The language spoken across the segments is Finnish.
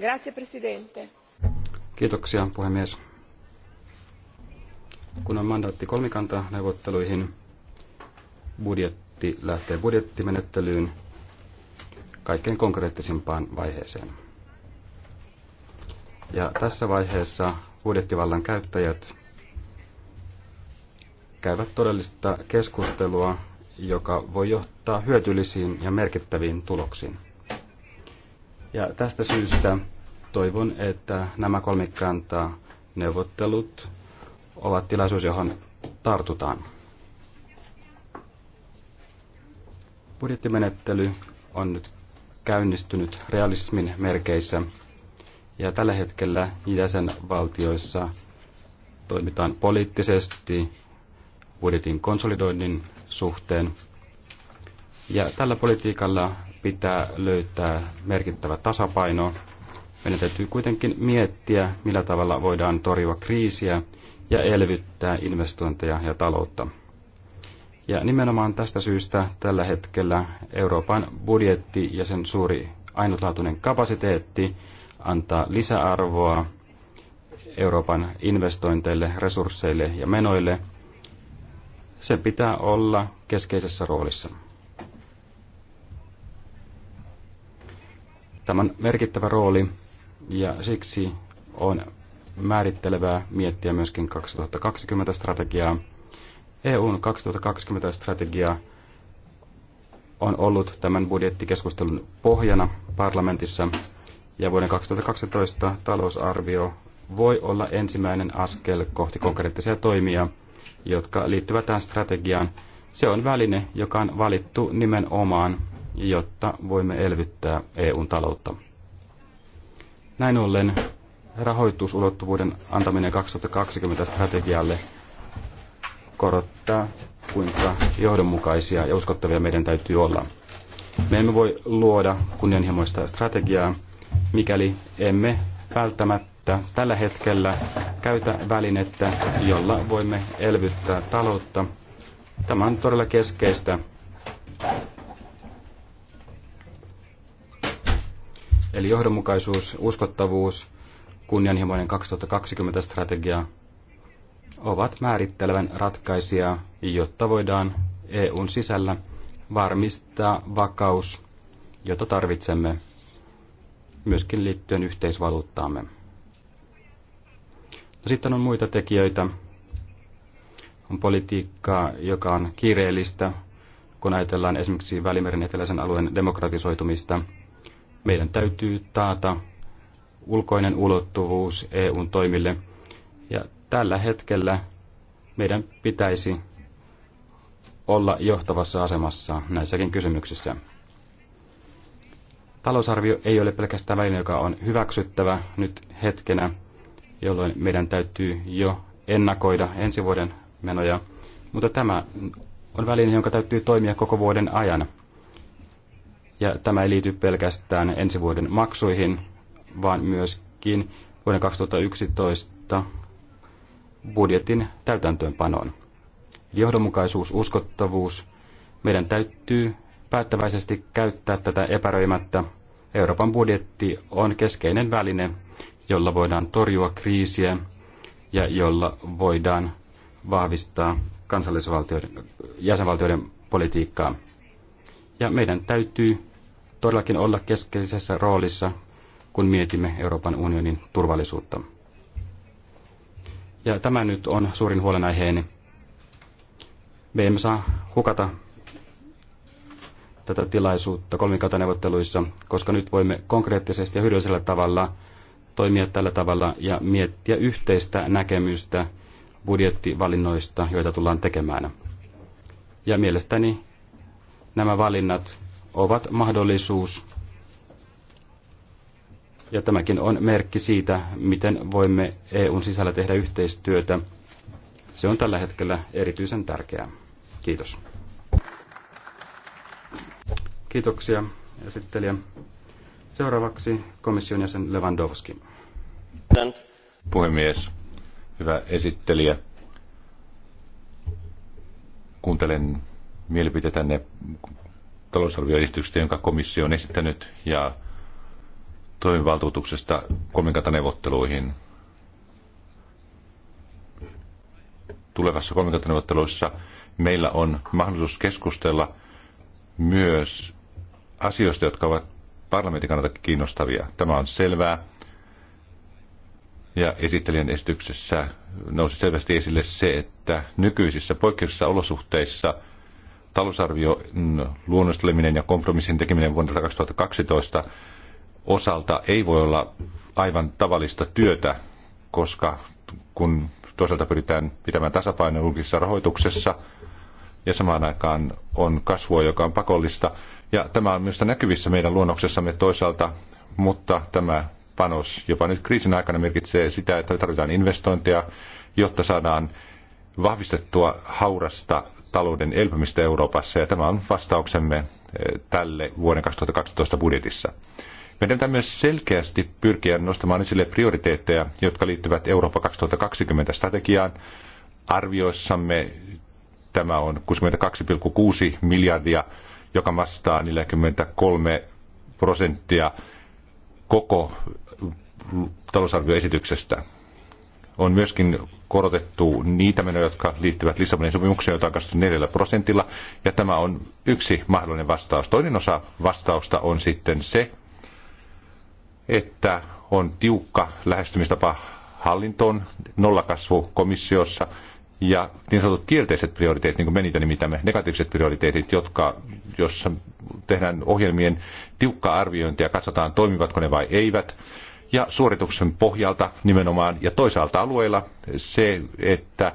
Grazie, presidente. Kiitoksia, puhemies. Kun on mandaatti kolmikanta neuvotteluihin, budjetti lähtee budjettimenettelyyn kaikkein konkreettisimpaan vaiheeseen. Ja tässä vaiheessa budjettivallan käyttäjät käyvät todellista keskustelua, joka voi johtaa hyötyllisiin ja merkittäviin tuloksiin. Ja tästä syystä toivon, että nämä kantaa neuvottelut ovat tilaisuus, johon tartutaan. Budjettimenettely on nyt käynnistynyt realismin merkeissä ja tällä hetkellä jäsenvaltioissa toimitaan poliittisesti budjetin konsolidoinnin suhteen. Ja tällä politiikalla pitää löytää merkittävä tasapaino. Meidän täytyy kuitenkin miettiä, millä tavalla voidaan torjua kriisiä ja elvyttää investointeja ja taloutta. Ja nimenomaan tästä syystä tällä hetkellä Euroopan budjetti ja sen suuri ainutlaatuinen kapasiteetti antaa lisäarvoa Euroopan investointeille, resursseille ja menoille. Sen pitää olla keskeisessä roolissa. Tämän merkittävä rooli ja siksi on määrittelevää miettiä myöskin 2020 strategiaa. EUn 2020 strategia on ollut tämän budjettikeskustelun pohjana parlamentissa ja vuoden 2012 talousarvio voi olla ensimmäinen askel kohti konkreettisia toimia, jotka liittyvät tähän strategiaan. Se on väline, joka on valittu nimenomaan jotta voimme elvyttää EUn taloutta. Näin ollen rahoitusulottuvuuden antaminen 2020 strategialle korottaa, kuinka johdonmukaisia ja uskottavia meidän täytyy olla. Me emme voi luoda kunnianhimoista strategiaa, mikäli emme välttämättä tällä hetkellä käytä välinettä, jolla voimme elvyttää taloutta. Tämä on todella keskeistä, Eli johdonmukaisuus, uskottavuus, kunnianhimoinen 2020-strategia ovat määrittelevän ratkaisia, jotta voidaan EUn sisällä varmistaa vakaus, jota tarvitsemme myöskin liittyen yhteisvaluuttaamme. No, sitten on muita tekijöitä. On politiikkaa, joka on kiireellistä, kun ajatellaan esimerkiksi Välimeren eteläisen alueen demokratisoitumista – meidän täytyy taata ulkoinen ulottuvuus EUn toimille. Ja tällä hetkellä meidän pitäisi olla johtavassa asemassa näissäkin kysymyksissä. Talousarvio ei ole pelkästään väline, joka on hyväksyttävä nyt hetkenä, jolloin meidän täytyy jo ennakoida ensi vuoden menoja, mutta tämä on väline, jonka täytyy toimia koko vuoden ajan. Ja tämä ei liity pelkästään ensi vuoden maksuihin, vaan myöskin vuoden 2011 budjetin täytäntöönpanoon. Johdonmukaisuus, uskottavuus. Meidän täytyy päättäväisesti käyttää tätä epäröimättä. Euroopan budjetti on keskeinen väline, jolla voidaan torjua kriisiä ja jolla voidaan vahvistaa kansallisvaltioiden, jäsenvaltioiden politiikkaa. Ja meidän täytyy todellakin olla keskeisessä roolissa, kun mietimme Euroopan unionin turvallisuutta. Ja tämä nyt on suurin huolenaiheeni. Me emme saa hukata tätä tilaisuutta kolmikantaneuvotteluissa, koska nyt voimme konkreettisesti ja hyödyllisellä tavalla toimia tällä tavalla ja miettiä yhteistä näkemystä budjettivalinnoista, joita tullaan tekemään. Ja mielestäni nämä valinnat ovat mahdollisuus. Ja tämäkin on merkki siitä, miten voimme EUn sisällä tehdä yhteistyötä. Se on tällä hetkellä erityisen tärkeää. Kiitos. Kiitoksia esittelijä. Seuraavaksi komission jäsen Lewandowski. Puhemies, hyvä esittelijä. Kuuntelen mielipiteitänne talousarvioesityksestä, jonka komissio on esittänyt, ja toimivaltuutuksesta kolmikantaneuvotteluihin. Tulevassa kolmikantaneuvotteluissa meillä on mahdollisuus keskustella myös asioista, jotka ovat parlamentin kannalta kiinnostavia. Tämä on selvää. Ja esittelijän esityksessä nousi selvästi esille se, että nykyisissä poikkeuksissa olosuhteissa – talousarvio luonnosteleminen ja kompromissin tekeminen vuonna 2012 osalta ei voi olla aivan tavallista työtä, koska kun toisaalta pyritään pitämään tasapaino julkisessa rahoituksessa ja samaan aikaan on kasvua, joka on pakollista. Ja tämä on myös näkyvissä meidän luonnoksessamme toisaalta, mutta tämä panos jopa nyt kriisin aikana merkitsee sitä, että tarvitaan investointeja, jotta saadaan vahvistettua haurasta talouden elpymistä Euroopassa ja tämä on vastauksemme eh, tälle vuoden 2012 budjetissa. Meidän pitää myös selkeästi pyrkiä nostamaan esille prioriteetteja, jotka liittyvät Eurooppa 2020 strategiaan. Arvioissamme tämä on 62,6 miljardia, joka vastaa 43 prosenttia koko talousarvioesityksestä on myöskin korotettu niitä menoja, jotka liittyvät Lissabonin sopimukseen, jota on kasvattu 4 prosentilla, ja tämä on yksi mahdollinen vastaus. Toinen osa vastausta on sitten se, että on tiukka lähestymistapa hallintoon, nollakasvu komissiossa ja niin sanotut kielteiset prioriteetit, niin kuin me niitä nimitämme, negatiiviset prioriteetit, jotka, jos tehdään ohjelmien tiukkaa arviointia, katsotaan toimivatko ne vai eivät, ja suorituksen pohjalta nimenomaan ja toisaalta alueilla se, että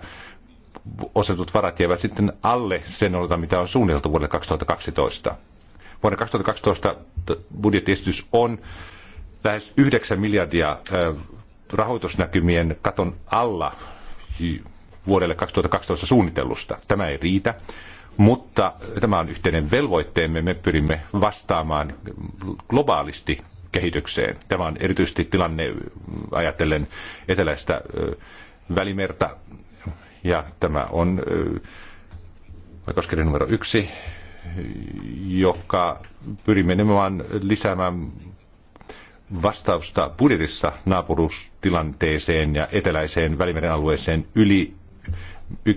osetut varat jäävät sitten alle sen olta, mitä on suunniteltu vuodelle 2012. Vuoden 2012 budjettiesitys on lähes 9 miljardia rahoitusnäkymien katon alla vuodelle 2012 suunnitellusta. Tämä ei riitä, mutta tämä on yhteinen velvoitteemme. Me pyrimme vastaamaan globaalisti kehitykseen. Tämä on erityisesti tilanne mm, ajatellen eteläistä välimerta ja tämä on oikeuskirja numero yksi, joka pyrimme nimenomaan lisäämään vastausta budjetissa naapurustilanteeseen ja eteläiseen välimeren alueeseen yli 1,3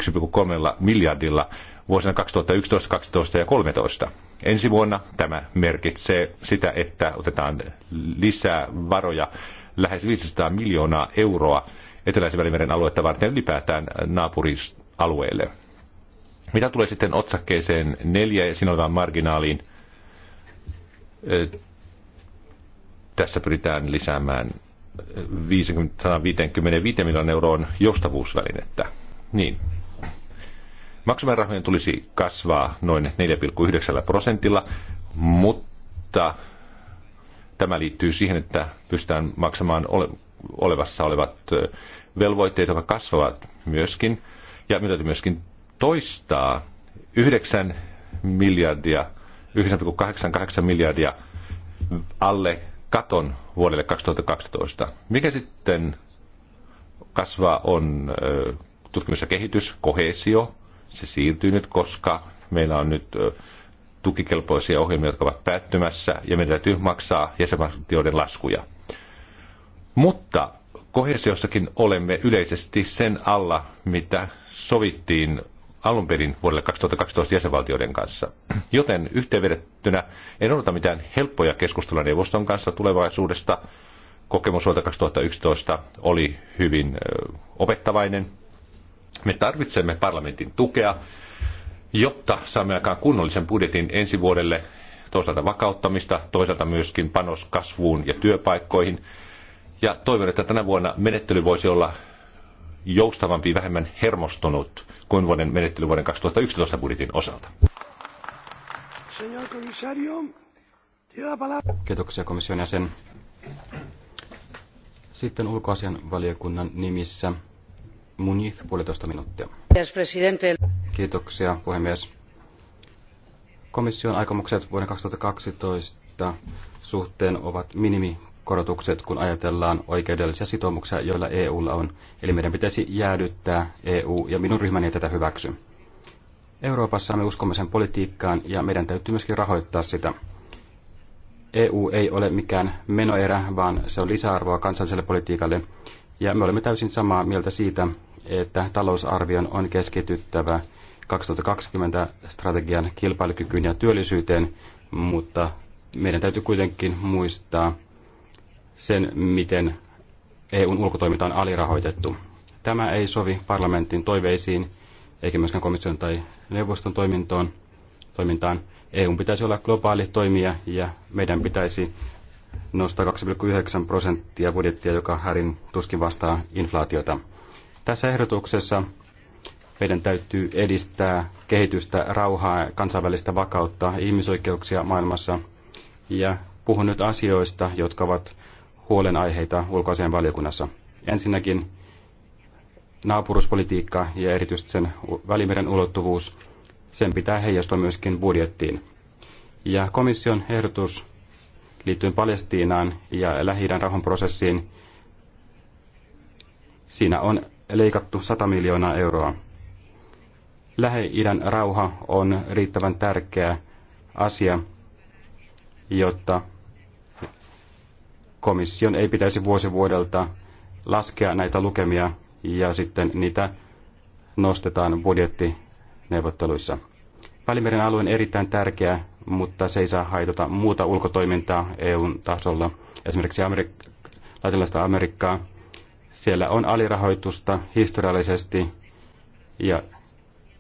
miljardilla vuosina 2011, 2012 ja 2013. Ensi vuonna tämä merkitsee sitä, että otetaan lisää varoja lähes 500 miljoonaa euroa eteläisen välimeren aluetta varten ylipäätään naapurisalueelle. Mitä tulee sitten otsakkeeseen neljä ja siinä olevaan marginaaliin, tässä pyritään lisäämään 50, 155 miljoonan euroon joustavuusvälinettä. Niin, Maksumäärärahojen tulisi kasvaa noin 4,9 prosentilla, mutta tämä liittyy siihen, että pystytään maksamaan ole, olevassa olevat velvoitteet, jotka kasvavat myöskin. Ja mitä täytyy myöskin toistaa, 9 miljardia, 9,88 miljardia alle katon vuodelle 2012. Mikä sitten kasvaa on tutkimus ja kehitys, kohesio, se siirtyy nyt, koska meillä on nyt tukikelpoisia ohjelmia, jotka ovat päättymässä, ja meidän täytyy maksaa jäsenvaltioiden laskuja. Mutta kohesiossakin olemme yleisesti sen alla, mitä sovittiin alun perin vuodelle 2012 jäsenvaltioiden kanssa. Joten yhteenvedettynä en odota mitään helppoja keskusteluja neuvoston kanssa tulevaisuudesta. Kokemus vuodelta 2011 oli hyvin opettavainen. Me tarvitsemme parlamentin tukea, jotta saamme aikaan kunnollisen budjetin ensi vuodelle, toisaalta vakauttamista, toisaalta myöskin panos kasvuun ja työpaikkoihin. Ja toivon, että tänä vuonna menettely voisi olla joustavampi, vähemmän hermostunut kuin vuoden menettely vuoden 2011 budjetin osalta. Kiitoksia komission jäsen. Sitten ulkoasian valiokunnan nimissä Munich, puolitoista minuuttia. Kiitoksia, puhemies. Komission aikomukset vuoden 2012 suhteen ovat minimikorotukset, kun ajatellaan oikeudellisia sitoumuksia, joilla EUlla on. Eli meidän pitäisi jäädyttää EU, ja minun ryhmäni ei tätä hyväksy. Euroopassa me uskomme sen politiikkaan, ja meidän täytyy myöskin rahoittaa sitä. EU ei ole mikään menoerä, vaan se on lisäarvoa kansalliselle politiikalle, ja me olemme täysin samaa mieltä siitä, että talousarvion on keskityttävä 2020 strategian kilpailukykyyn ja työllisyyteen, mutta meidän täytyy kuitenkin muistaa sen, miten EUn ulkotoiminta on alirahoitettu. Tämä ei sovi parlamentin toiveisiin eikä myöskään komission tai neuvoston toimintoon, toimintaan. EUn pitäisi olla globaali toimija ja meidän pitäisi nostaa 2,9 prosenttia budjettia, joka härin tuskin vastaa inflaatiota. Tässä ehdotuksessa meidän täytyy edistää kehitystä, rauhaa, kansainvälistä vakautta, ihmisoikeuksia maailmassa. Ja puhun nyt asioista, jotka ovat huolenaiheita ulkoiseen valiokunnassa. Ensinnäkin naapuruspolitiikka ja erityisesti sen välimeren ulottuvuus, sen pitää heijastua myöskin budjettiin. Ja komission ehdotus liittyen Palestiinaan ja lähi rauhanprosessiin, siinä on leikattu 100 miljoonaa euroa. Lähi-idän rauha on riittävän tärkeä asia, jotta komission ei pitäisi vuosi vuodelta laskea näitä lukemia ja sitten niitä nostetaan budjettineuvotteluissa. Välimeren alue on erittäin tärkeä, mutta se ei saa haitata muuta ulkotoimintaa EUn tasolla, esimerkiksi Amerik- Latinalaista Amerikkaa siellä on alirahoitusta historiallisesti ja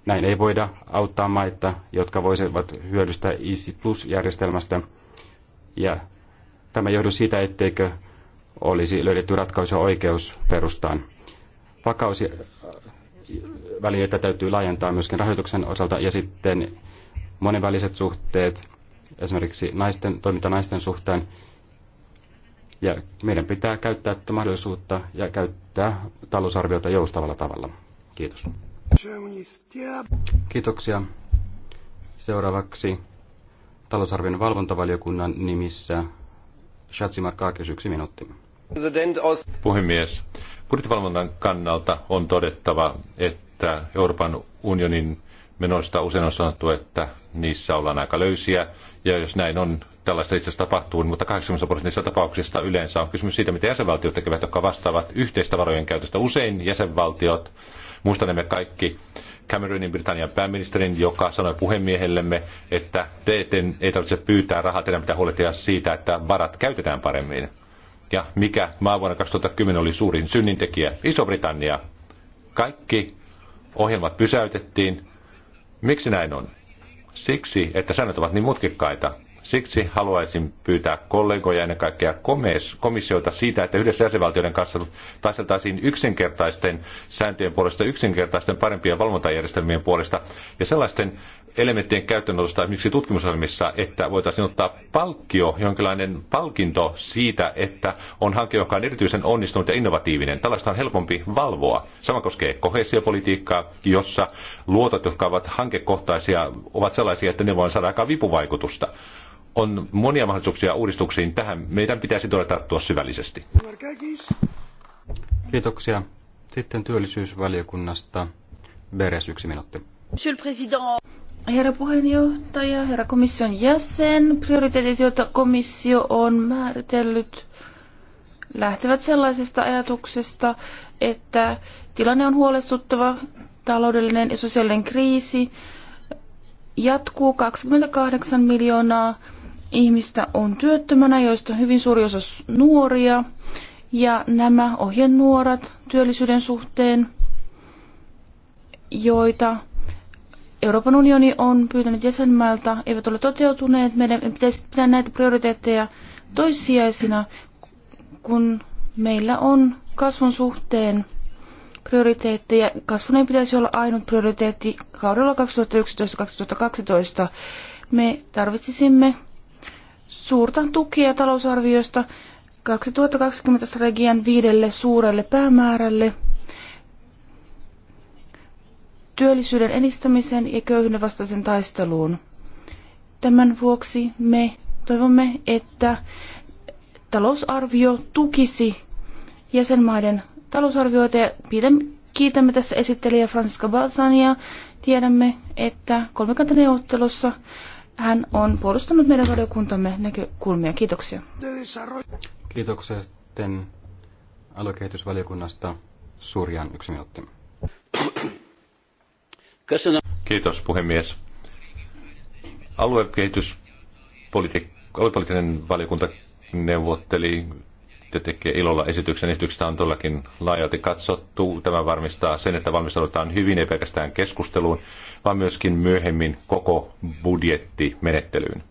näin ei voida auttaa maita, jotka voisivat hyödystää Easy Plus-järjestelmästä. Ja tämä johdu siitä, etteikö olisi löydetty ratkaisua oikeusperustaan. perustaan. Vakausvälineitä äh, täytyy laajentaa myöskin rahoituksen osalta ja sitten monenväliset suhteet, esimerkiksi naisten, toiminta naisten suhteen, ja meidän pitää käyttää tätä mahdollisuutta ja käyttää talousarviota joustavalla tavalla. Kiitos. Kiitoksia. Seuraavaksi talousarvion valvontavaliokunnan nimissä Shatsimar Kaakes, yksi minuutti. Puhemies, budjettivalvonnan kannalta on todettava, että Euroopan unionin menoista usein on sanottu, että niissä ollaan aika löysiä, ja jos näin on, tällaista itse asiassa tapahtuu, mutta 80 prosentissa tapauksista yleensä on kysymys siitä, mitä jäsenvaltiot tekevät, jotka vastaavat yhteistä varojen käytöstä. Usein jäsenvaltiot, muistanemme kaikki, Cameronin Britannian pääministerin, joka sanoi puhemiehellemme, että te eten, ei tarvitse pyytää rahaa, teidän pitää huolehtia siitä, että varat käytetään paremmin. Ja mikä maa vuonna 2010 oli suurin synnintekijä? Iso-Britannia. Kaikki ohjelmat pysäytettiin. Miksi näin on? Siksi, että säännöt ovat niin mutkikkaita. Siksi haluaisin pyytää kollegoja ennen kaikkea komissiota siitä, että yhdessä jäsenvaltioiden kanssa taisteltaisiin yksinkertaisten sääntöjen puolesta, yksinkertaisten parempien valvontajärjestelmien puolesta ja sellaisten elementtien käyttöönotosta esimerkiksi tutkimusohjelmissa, että voitaisiin ottaa palkkio, jonkinlainen palkinto siitä, että on hanke, joka on erityisen onnistunut ja innovatiivinen. Tällaista on helpompi valvoa. Sama koskee kohesiopolitiikkaa, jossa luotot, jotka ovat hankekohtaisia, ovat sellaisia, että ne voivat saada aika vipuvaikutusta on monia mahdollisuuksia uudistuksiin. Tähän meidän pitäisi todella tarttua syvällisesti. Kiitoksia. Sitten työllisyysvaliokunnasta. Beres, yksi minuutti. Monsieur le Président. Herra puheenjohtaja, herra komission jäsen, prioriteetit, joita komissio on määritellyt, lähtevät sellaisesta ajatuksesta, että tilanne on huolestuttava, taloudellinen ja sosiaalinen kriisi jatkuu 28 miljoonaa ihmistä on työttömänä, joista hyvin suuri osa nuoria. Ja nämä ohjenuorat työllisyyden suhteen, joita Euroopan unioni on pyytänyt jäsenmailta, eivät ole toteutuneet. Meidän pitäisi pitää näitä prioriteetteja toissijaisina, kun meillä on kasvun suhteen prioriteetteja. Kasvun ei pitäisi olla ainut prioriteetti kaudella 2011-2012. Me tarvitsisimme suurta tukea talousarviosta 2020 strategian viidelle suurelle päämäärälle, työllisyyden edistämisen ja köyhyyden vastaisen taisteluun. Tämän vuoksi me toivomme, että talousarvio tukisi jäsenmaiden talousarvioita ja kiitämme tässä esittelijä Francisca Balsania. Tiedämme, että kolmikantaneuvottelussa neuvottelussa hän on puolustanut meidän valiokuntamme näkökulmia. Kiitoksia. Kiitoksia sitten aluekehitysvaliokunnasta. Surjan yksi minuutti. Kiitos puhemies. Aluekehityspolitiikka aluepoliittinen valiokunta neuvotteli esittö tekee ilolla esityksen. Esityksestä on todellakin laajalti katsottu. Tämä varmistaa sen, että valmistaudutaan hyvin, ei pelkästään keskusteluun, vaan myöskin myöhemmin koko budjettimenettelyyn.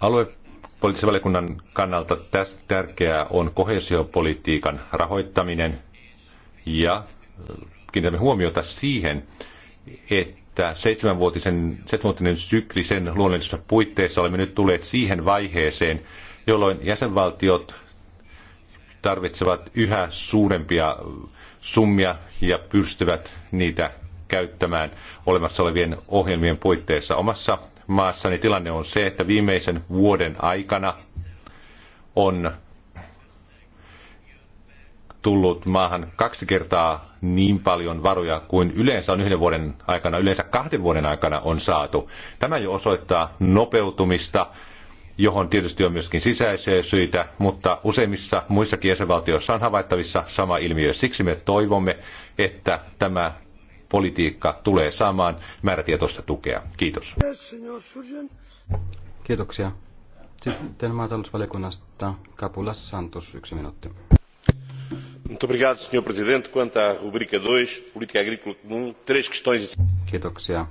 Aluepoliittisen valiokunnan kannalta tästä tärkeää on kohesiopolitiikan rahoittaminen ja kiinnitämme huomiota siihen, että seitsemänvuotisen, seitsemänvuotinen sykli sen luonnollisissa puitteissa olemme nyt tulleet siihen vaiheeseen, jolloin jäsenvaltiot tarvitsevat yhä suurempia summia ja pystyvät niitä käyttämään olemassa olevien ohjelmien puitteissa. Omassa maassani tilanne on se, että viimeisen vuoden aikana on tullut maahan kaksi kertaa niin paljon varoja kuin yleensä on yhden vuoden aikana, yleensä kahden vuoden aikana on saatu. Tämä jo osoittaa nopeutumista johon tietysti on myöskin sisäisiä syitä, mutta useimmissa muissakin jäsenvaltioissa on havaittavissa sama ilmiö. Siksi me toivomme, että tämä politiikka tulee saamaan määrätietoista tukea. Kiitos. Kiitoksia. Sitten maatalousvaliokunnasta Kapula Santos, yksi minuutti. Muito obrigado, senhor presidente. Quanto à rubrica agrícola três questões. Kiitoksia,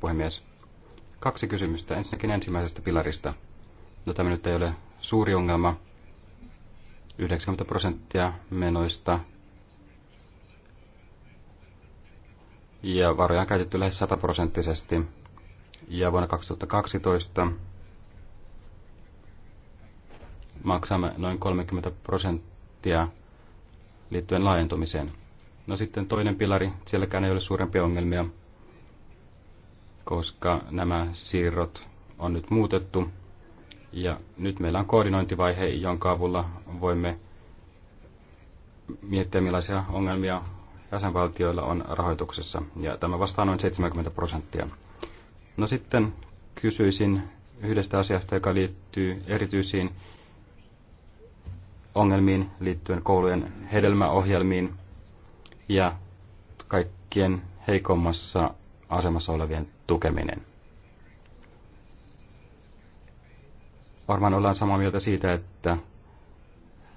puhemies. Kaksi kysymystä. Ensinnäkin ensimmäisestä pilarista. No tämä nyt ei ole suuri ongelma. 90 prosenttia menoista ja varoja on käytetty lähes prosenttisesti. Ja vuonna 2012 maksamme noin 30 prosenttia liittyen laajentumiseen. No sitten toinen pilari, sielläkään ei ole suurempia ongelmia, koska nämä siirrot on nyt muutettu ja nyt meillä on koordinointivaihe, jonka avulla voimme miettiä, millaisia ongelmia jäsenvaltioilla on rahoituksessa. Ja tämä vastaa noin 70 prosenttia. No sitten kysyisin yhdestä asiasta, joka liittyy erityisiin ongelmiin liittyen koulujen hedelmäohjelmiin ja kaikkien heikommassa asemassa olevien tukeminen. varmaan ollaan samaa mieltä siitä, että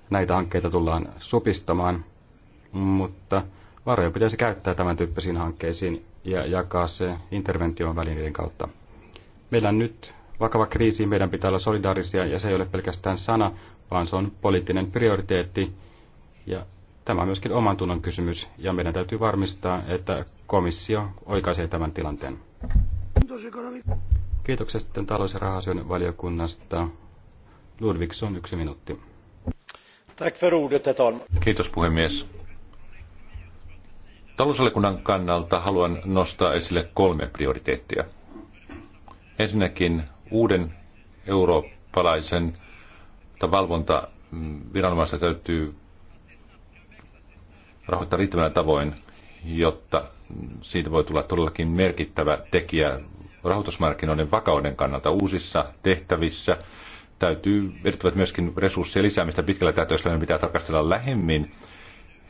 näitä hankkeita tullaan supistamaan, mutta varoja pitäisi käyttää tämän tyyppisiin hankkeisiin ja jakaa se intervention välineiden kautta. Meillä on nyt vakava kriisi, meidän pitää olla solidaarisia ja se ei ole pelkästään sana, vaan se on poliittinen prioriteetti ja tämä on myöskin oman tunnon kysymys ja meidän täytyy varmistaa, että komissio oikaisee tämän tilanteen. Kiitokset sitten talous- ja rahasyön valiokunnasta. Ludvigsson, yksi minuutti. Tack för ordet, Kiitos puhemies. Talousvaliokunnan kannalta haluan nostaa esille kolme prioriteettia. Ensinnäkin uuden eurooppalaisen valvontaviranomaista mm, täytyy rahoittaa riittävänä tavoin, jotta mm, siitä voi tulla todellakin merkittävä tekijä rahoitusmarkkinoiden vakauden kannalta uusissa tehtävissä. Täytyy, edellyttävät myöskin resurssien lisäämistä pitkällä tähtäyksellä, pitää tarkastella lähemmin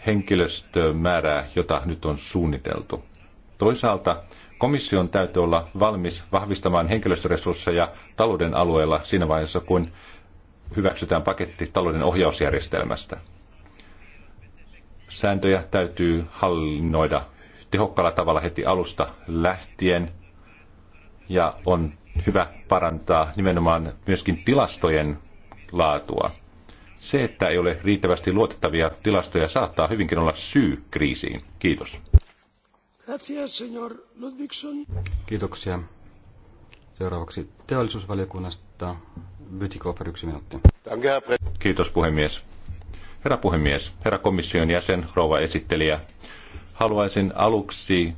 henkilöstömäärää, jota nyt on suunniteltu. Toisaalta komission täytyy olla valmis vahvistamaan henkilöstöresursseja talouden alueella siinä vaiheessa, kun hyväksytään paketti talouden ohjausjärjestelmästä. Sääntöjä täytyy hallinnoida tehokkaalla tavalla heti alusta lähtien ja on hyvä parantaa nimenomaan myöskin tilastojen laatua. Se, että ei ole riittävästi luotettavia tilastoja, saattaa hyvinkin olla syy kriisiin. Kiitos. Kiitoksia. Seuraavaksi teollisuusvaliokunnasta Bytikofer yksi minuutti. Kiitos puhemies. Herra puhemies, herra komission jäsen, rouva esittelijä. Haluaisin aluksi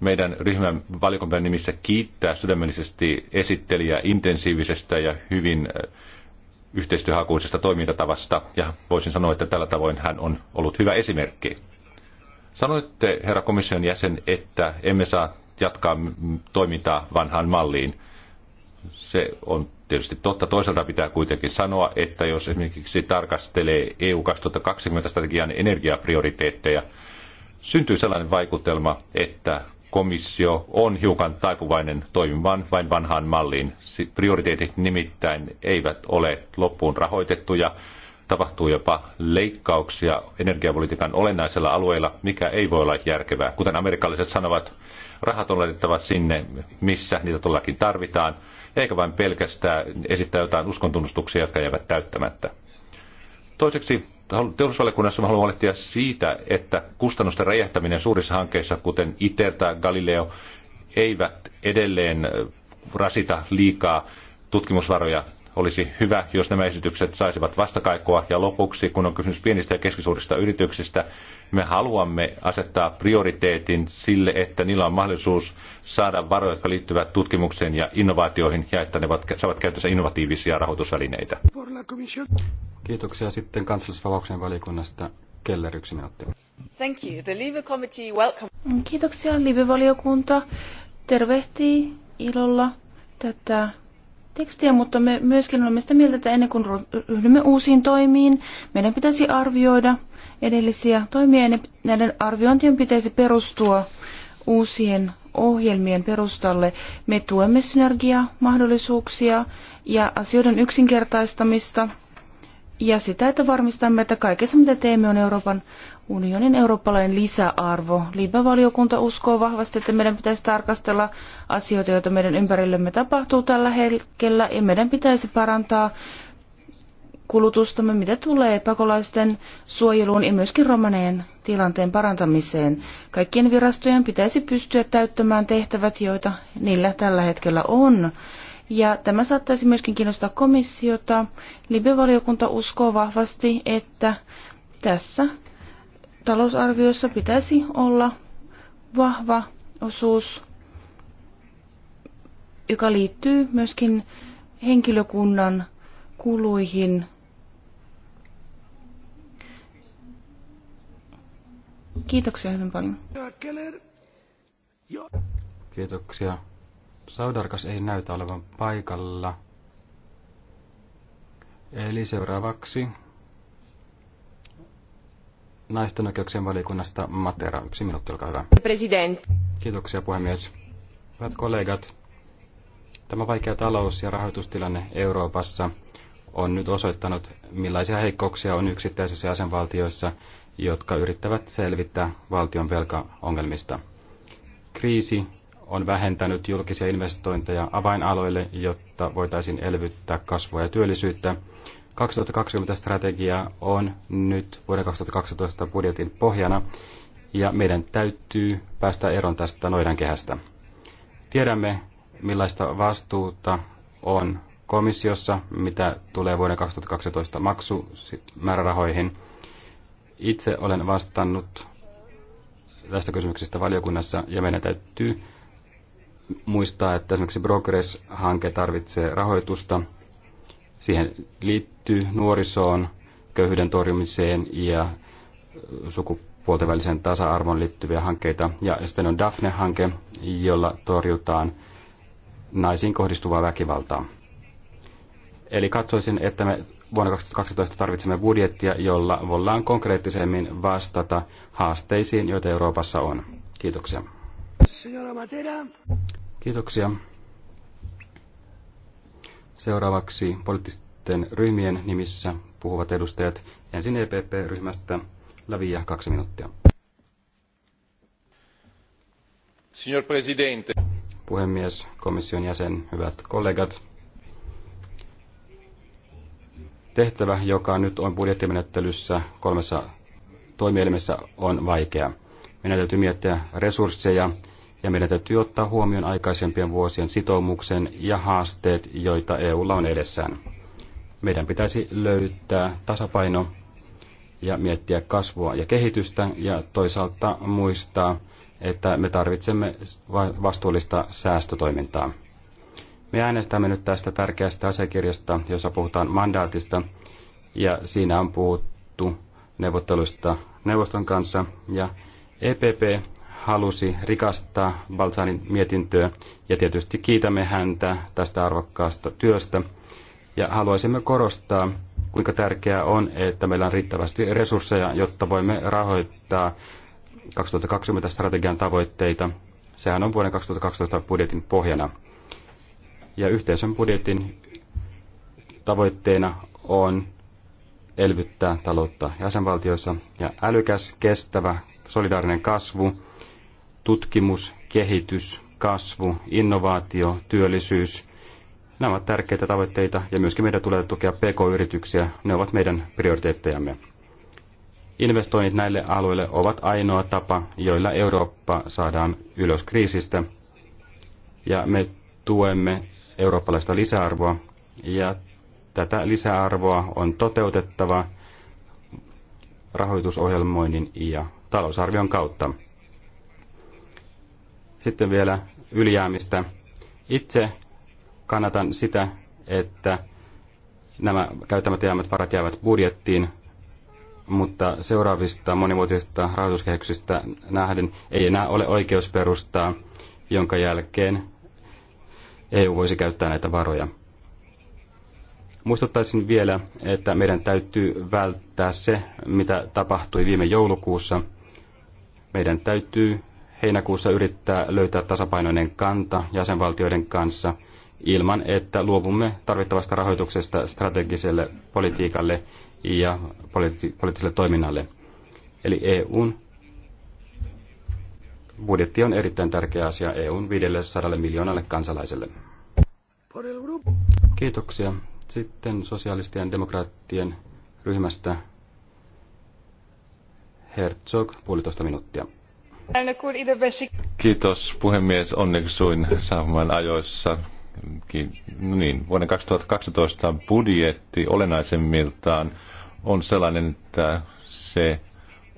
meidän ryhmän valiokunnan nimissä kiittää sydämellisesti esittelijää intensiivisestä ja hyvin yhteistyöhakuisesta toimintatavasta. Ja voisin sanoa, että tällä tavoin hän on ollut hyvä esimerkki. Sanoitte, herra komission jäsen, että emme saa jatkaa toimintaa vanhaan malliin. Se on tietysti totta. Toisaalta pitää kuitenkin sanoa, että jos esimerkiksi tarkastelee EU 2020-strategian energiaprioriteetteja, syntyy sellainen vaikutelma, että komissio on hiukan taipuvainen toimimaan vain vanhaan malliin. Prioriteetit nimittäin eivät ole loppuun rahoitettuja. Tapahtuu jopa leikkauksia energiapolitiikan olennaisella alueella, mikä ei voi olla järkevää. Kuten amerikkalaiset sanovat, rahat on laitettava sinne, missä niitä todellakin tarvitaan, eikä vain pelkästään esittää jotain uskontunnustuksia, jotka jäävät täyttämättä. Toiseksi teollisuusvaliokunnassa haluan huolehtia siitä, että kustannusten räjähtäminen suurissa hankkeissa, kuten ITER tai Galileo, eivät edelleen rasita liikaa tutkimusvaroja. Olisi hyvä, jos nämä esitykset saisivat vastakaikkoa. Ja lopuksi, kun on kysymys pienistä ja keskisuurista yrityksistä, me haluamme asettaa prioriteetin sille, että niillä on mahdollisuus saada varoja, jotka liittyvät tutkimukseen ja innovaatioihin, ja että ne saavat käytössä innovatiivisia rahoitusvälineitä. Kiitoksia sitten kansallisvalauksen valiokunnasta. Keller yksi Thank you. The Libe Committee welcome. Kiitoksia. Libe-valiokunta tervehtii ilolla tätä tekstiä, mutta me myöskin olemme sitä mieltä, että ennen kuin ryhdymme uusiin toimiin, meidän pitäisi arvioida edellisiä toimia ja näiden arviointien pitäisi perustua uusien ohjelmien perustalle. Me tuemme synergia mahdollisuuksia ja asioiden yksinkertaistamista – ja sitä, että varmistamme, että kaikessa mitä teemme on Euroopan unionin eurooppalainen lisäarvo. Liipävaliokunta uskoo vahvasti, että meidän pitäisi tarkastella asioita, joita meidän ympärillemme tapahtuu tällä hetkellä, ja meidän pitäisi parantaa kulutustamme, mitä tulee pakolaisten suojeluun ja myöskin romaneen tilanteen parantamiseen. Kaikkien virastojen pitäisi pystyä täyttämään tehtävät, joita niillä tällä hetkellä on. Ja tämä saattaisi myöskin kiinnostaa komissiota. Libe-valiokunta uskoo vahvasti, että tässä talousarviossa pitäisi olla vahva osuus, joka liittyy myöskin henkilökunnan kuluihin. Kiitoksia hyvin paljon. Kiitoksia. Saudarkas ei näytä olevan paikalla. Eli seuraavaksi naisten oikeuksien valikunnasta Matera. Yksi minuutti, olkaa hyvä. President. Kiitoksia puhemies. Hyvät kollegat, tämä vaikea talous- ja rahoitustilanne Euroopassa on nyt osoittanut, millaisia heikkouksia on yksittäisissä jäsenvaltioissa, jotka yrittävät selvittää valtion velkaongelmista. Kriisi on vähentänyt julkisia investointeja avainaloille, jotta voitaisiin elvyttää kasvua ja työllisyyttä. 2020-strategia on nyt vuoden 2012 budjetin pohjana, ja meidän täytyy päästä eroon tästä noidankehästä. Tiedämme, millaista vastuuta on komissiossa, mitä tulee vuoden 2012 maksumäärärahoihin. Itse olen vastannut tästä kysymyksestä valiokunnassa, ja meidän täytyy muistaa, että esimerkiksi Progress-hanke tarvitsee rahoitusta. Siihen liittyy nuorisoon, köyhyyden torjumiseen ja sukupuolten välisen tasa-arvon liittyviä hankkeita. Ja sitten on Daphne-hanke, jolla torjutaan naisiin kohdistuvaa väkivaltaa. Eli katsoisin, että me vuonna 2012 tarvitsemme budjettia, jolla voidaan konkreettisemmin vastata haasteisiin, joita Euroopassa on. Kiitoksia. Kiitoksia. Seuraavaksi poliittisten ryhmien nimissä puhuvat edustajat ensin EPP-ryhmästä Lavia kaksi minuuttia. Signor Presidente. Puhemies, komission jäsen, hyvät kollegat. Tehtävä, joka nyt on budjettimenettelyssä kolmessa toimielimessä, on vaikea. Meidän täytyy miettiä resursseja, ja meidän täytyy ottaa huomioon aikaisempien vuosien sitoumuksen ja haasteet, joita EUlla on edessään. Meidän pitäisi löytää tasapaino ja miettiä kasvua ja kehitystä ja toisaalta muistaa, että me tarvitsemme vastuullista säästötoimintaa. Me äänestämme nyt tästä tärkeästä asiakirjasta, jossa puhutaan mandaatista, ja siinä on puhuttu neuvotteluista neuvoston kanssa, ja EPP halusi rikastaa Balzanin mietintöä ja tietysti kiitämme häntä tästä arvokkaasta työstä. Ja haluaisimme korostaa, kuinka tärkeää on, että meillä on riittävästi resursseja, jotta voimme rahoittaa 2020 strategian tavoitteita. Sehän on vuoden 2012 budjetin pohjana. Ja yhteisön budjetin tavoitteena on elvyttää taloutta jäsenvaltioissa ja älykäs, kestävä, solidaarinen kasvu tutkimus, kehitys, kasvu, innovaatio, työllisyys. Nämä ovat tärkeitä tavoitteita ja myöskin meidän tulee tukea pk-yrityksiä. Ne ovat meidän prioriteettejamme. Investoinnit näille alueille ovat ainoa tapa, joilla Eurooppa saadaan ylös kriisistä. Ja me tuemme eurooppalaista lisäarvoa ja tätä lisäarvoa on toteutettava rahoitusohjelmoinnin ja talousarvion kautta. Sitten vielä ylijäämistä. Itse kannatan sitä, että nämä käyttämät jäämät varat jäävät budjettiin, mutta seuraavista monivuotisista rahoituskehyksistä nähden ei enää ole oikeusperustaa, jonka jälkeen EU voisi käyttää näitä varoja. Muistuttaisin vielä, että meidän täytyy välttää se, mitä tapahtui viime joulukuussa. Meidän täytyy heinäkuussa yrittää löytää tasapainoinen kanta jäsenvaltioiden kanssa ilman, että luovumme tarvittavasta rahoituksesta strategiselle politiikalle ja politi- poliittiselle toiminnalle. Eli EUn budjetti on erittäin tärkeä asia EUn 500 miljoonalle kansalaiselle. Kiitoksia. Sitten sosialistien demokraattien ryhmästä Herzog, puolitoista minuuttia. Kiitos puhemies, onneksi saamaan ajoissa. No niin, vuoden 2012 budjetti olennaisemmiltaan on sellainen, että se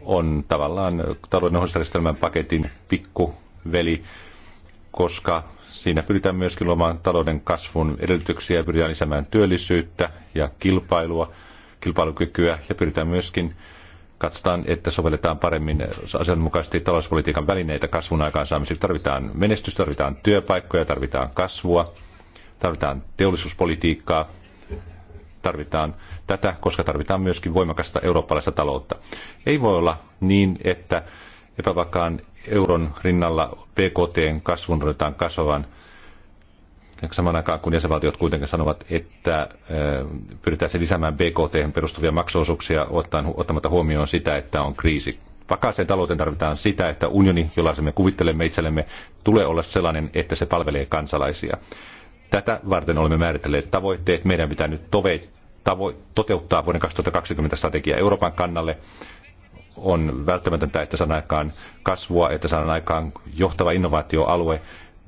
on tavallaan taloudenhoitojärjestelmän paketin pikkuveli, koska siinä pyritään myöskin luomaan talouden kasvun edellytyksiä, pyritään lisäämään työllisyyttä ja kilpailua, kilpailukykyä ja pyritään myöskin katsotaan, että sovelletaan paremmin asianmukaisesti talouspolitiikan välineitä kasvun aikaansaamiseksi. Tarvitaan menestystä, tarvitaan työpaikkoja, tarvitaan kasvua, tarvitaan teollisuuspolitiikkaa, tarvitaan tätä, koska tarvitaan myöskin voimakasta eurooppalaista taloutta. Ei voi olla niin, että epävakaan euron rinnalla PKTn kasvun ruvetaan kasvavan samaan aikaan kun jäsenvaltiot kuitenkin sanovat, että pyritään se lisäämään BKT perustuvia maksuosuuksia ottaen, ottamatta huomioon sitä, että on kriisi. Vakaaseen talouteen tarvitaan sitä, että unioni, jolla me kuvittelemme itsellemme, tulee olla sellainen, että se palvelee kansalaisia. Tätä varten olemme määritelleet tavoitteet. Meidän pitää nyt tove, tavo, toteuttaa vuoden 2020 strategia Euroopan kannalle on välttämätöntä, että saadaan aikaan kasvua, että saadaan aikaan johtava innovaatioalue,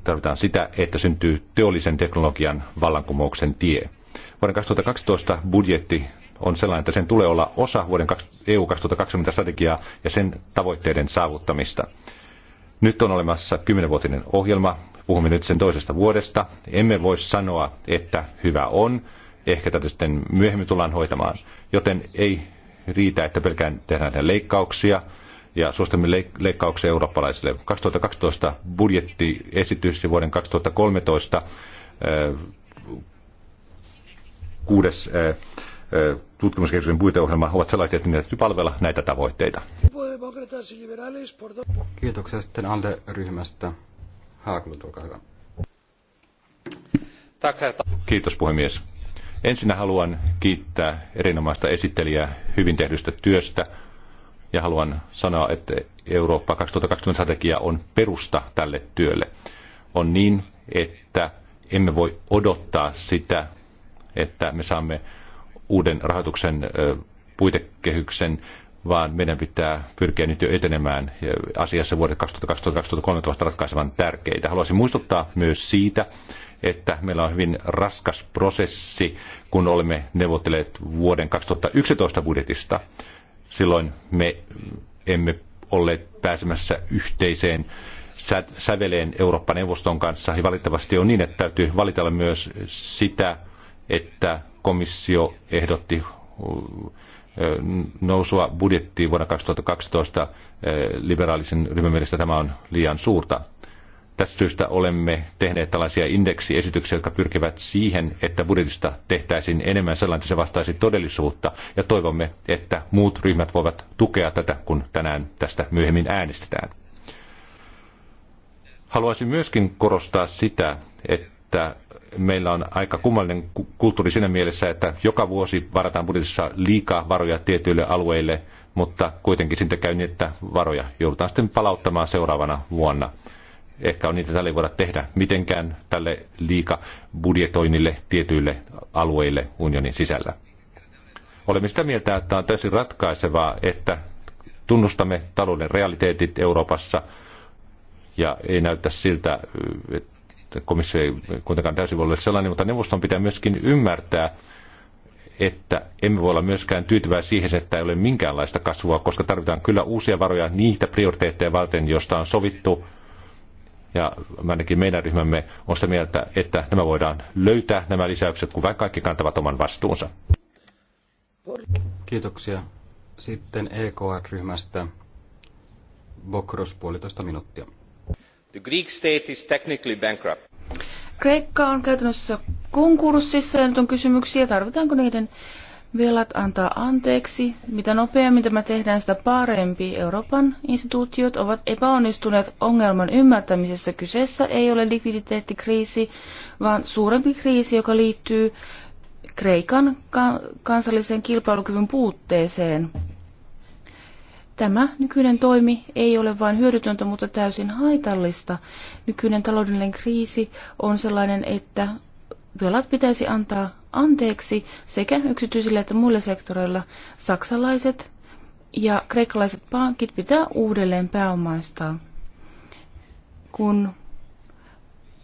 tarvitaan sitä, että syntyy teollisen teknologian vallankumouksen tie. Vuoden 2012 budjetti on sellainen, että sen tulee olla osa vuoden EU 2020 strategiaa ja sen tavoitteiden saavuttamista. Nyt on olemassa kymmenenvuotinen ohjelma, puhumme nyt sen toisesta vuodesta. Emme voi sanoa, että hyvä on, ehkä tätä sitten myöhemmin tullaan hoitamaan. Joten ei riitä, että pelkään tehdään leikkauksia, ja suostamme leikkauksia eurooppalaisille. 2012 budjettiesitys ja vuoden 2013 äh, kuudes äh, äh, tutkimuskeskuksen puiteohjelma ovat sellaisia, että niitä täytyy palvella näitä tavoitteita. Kiitoksia sitten ALDE-ryhmästä. Haaklund, olkaa hyvä. Kiitos puhemies. Ensinnä haluan kiittää erinomaista esittelijää hyvin tehdystä työstä – ja haluan sanoa, että Eurooppa 2020 strategia on perusta tälle työlle. On niin, että emme voi odottaa sitä, että me saamme uuden rahoituksen puitekehyksen, vaan meidän pitää pyrkiä nyt jo etenemään asiassa vuodet 2012-2013 ratkaisevan tärkeitä. Haluaisin muistuttaa myös siitä, että meillä on hyvin raskas prosessi, kun olemme neuvotteleet vuoden 2011 budjetista silloin me emme olleet pääsemässä yhteiseen säveleen Eurooppa-neuvoston kanssa. Ja valitettavasti on niin, että täytyy valitella myös sitä, että komissio ehdotti nousua budjettiin vuonna 2012 liberaalisen ryhmän mielestä tämä on liian suurta. Tästä syystä olemme tehneet tällaisia indeksiesityksiä, jotka pyrkivät siihen, että budjetista tehtäisiin enemmän sellainen, että se vastaisi todellisuutta. Ja toivomme, että muut ryhmät voivat tukea tätä, kun tänään tästä myöhemmin äänestetään. Haluaisin myöskin korostaa sitä, että meillä on aika kummallinen kulttuuri siinä mielessä, että joka vuosi varataan budjetissa liikaa varoja tietyille alueille, mutta kuitenkin siitä käy niin, että varoja joudutaan sitten palauttamaan seuraavana vuonna. Ehkä on niitä, tälle ei voida tehdä mitenkään tälle liika budjetoinnille tietyille alueille unionin sisällä. Olemme sitä mieltä, että on täysin ratkaisevaa, että tunnustamme talouden realiteetit Euroopassa ja ei näytä siltä, että komissio ei kuitenkaan täysin voi olla sellainen, mutta neuvoston pitää myöskin ymmärtää, että emme voi olla myöskään tyytyväisiä siihen, että ei ole minkäänlaista kasvua, koska tarvitaan kyllä uusia varoja niitä prioriteetteja varten, joista on sovittu ja ainakin meidän ryhmämme on sitä mieltä, että nämä voidaan löytää nämä lisäykset, kun kaikki kantavat oman vastuunsa. Kiitoksia. Sitten EKR-ryhmästä Bokros puolitoista minuuttia. The Greek state is technically bankrupt. Kreikka on käytännössä konkurssissa ja nyt on kysymyksiä, tarvitaanko niiden velat antaa anteeksi. Mitä nopeammin tämä tehdään, sitä parempi. Euroopan instituutiot ovat epäonnistuneet ongelman ymmärtämisessä. Kyseessä ei ole likviditeettikriisi, vaan suurempi kriisi, joka liittyy Kreikan kansallisen kilpailukyvyn puutteeseen. Tämä nykyinen toimi ei ole vain hyödytöntä, mutta täysin haitallista. Nykyinen taloudellinen kriisi on sellainen, että velat pitäisi antaa anteeksi sekä yksityisillä että muilla sektoreilla saksalaiset ja kreikkalaiset pankit pitää uudelleen pääomaistaa, kun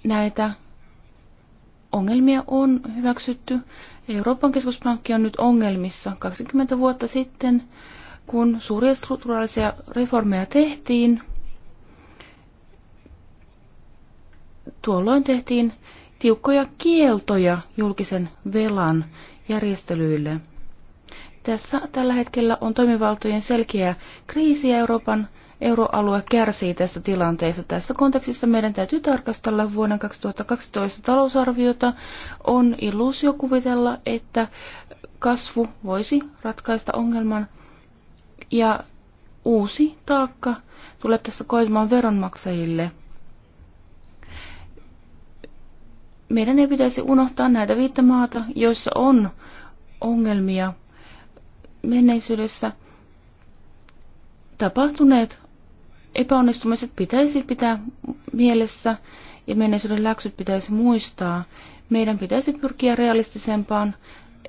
näitä ongelmia on hyväksytty. Euroopan keskuspankki on nyt ongelmissa. 20 vuotta sitten, kun suuria strukturaalisia reformeja tehtiin, tuolloin tehtiin tiukkoja kieltoja julkisen velan järjestelyille. Tässä tällä hetkellä on toimivaltojen selkeä kriisi ja Euroopan euroalue kärsii tästä tilanteesta. Tässä kontekstissa meidän täytyy tarkastella vuoden 2012 talousarviota. On illuusio kuvitella, että kasvu voisi ratkaista ongelman ja uusi taakka tulee tässä koitumaan veronmaksajille – meidän ei pitäisi unohtaa näitä viittä maata, joissa on ongelmia menneisyydessä. Tapahtuneet epäonnistumiset pitäisi pitää mielessä ja menneisyyden läksyt pitäisi muistaa. Meidän pitäisi pyrkiä realistisempaan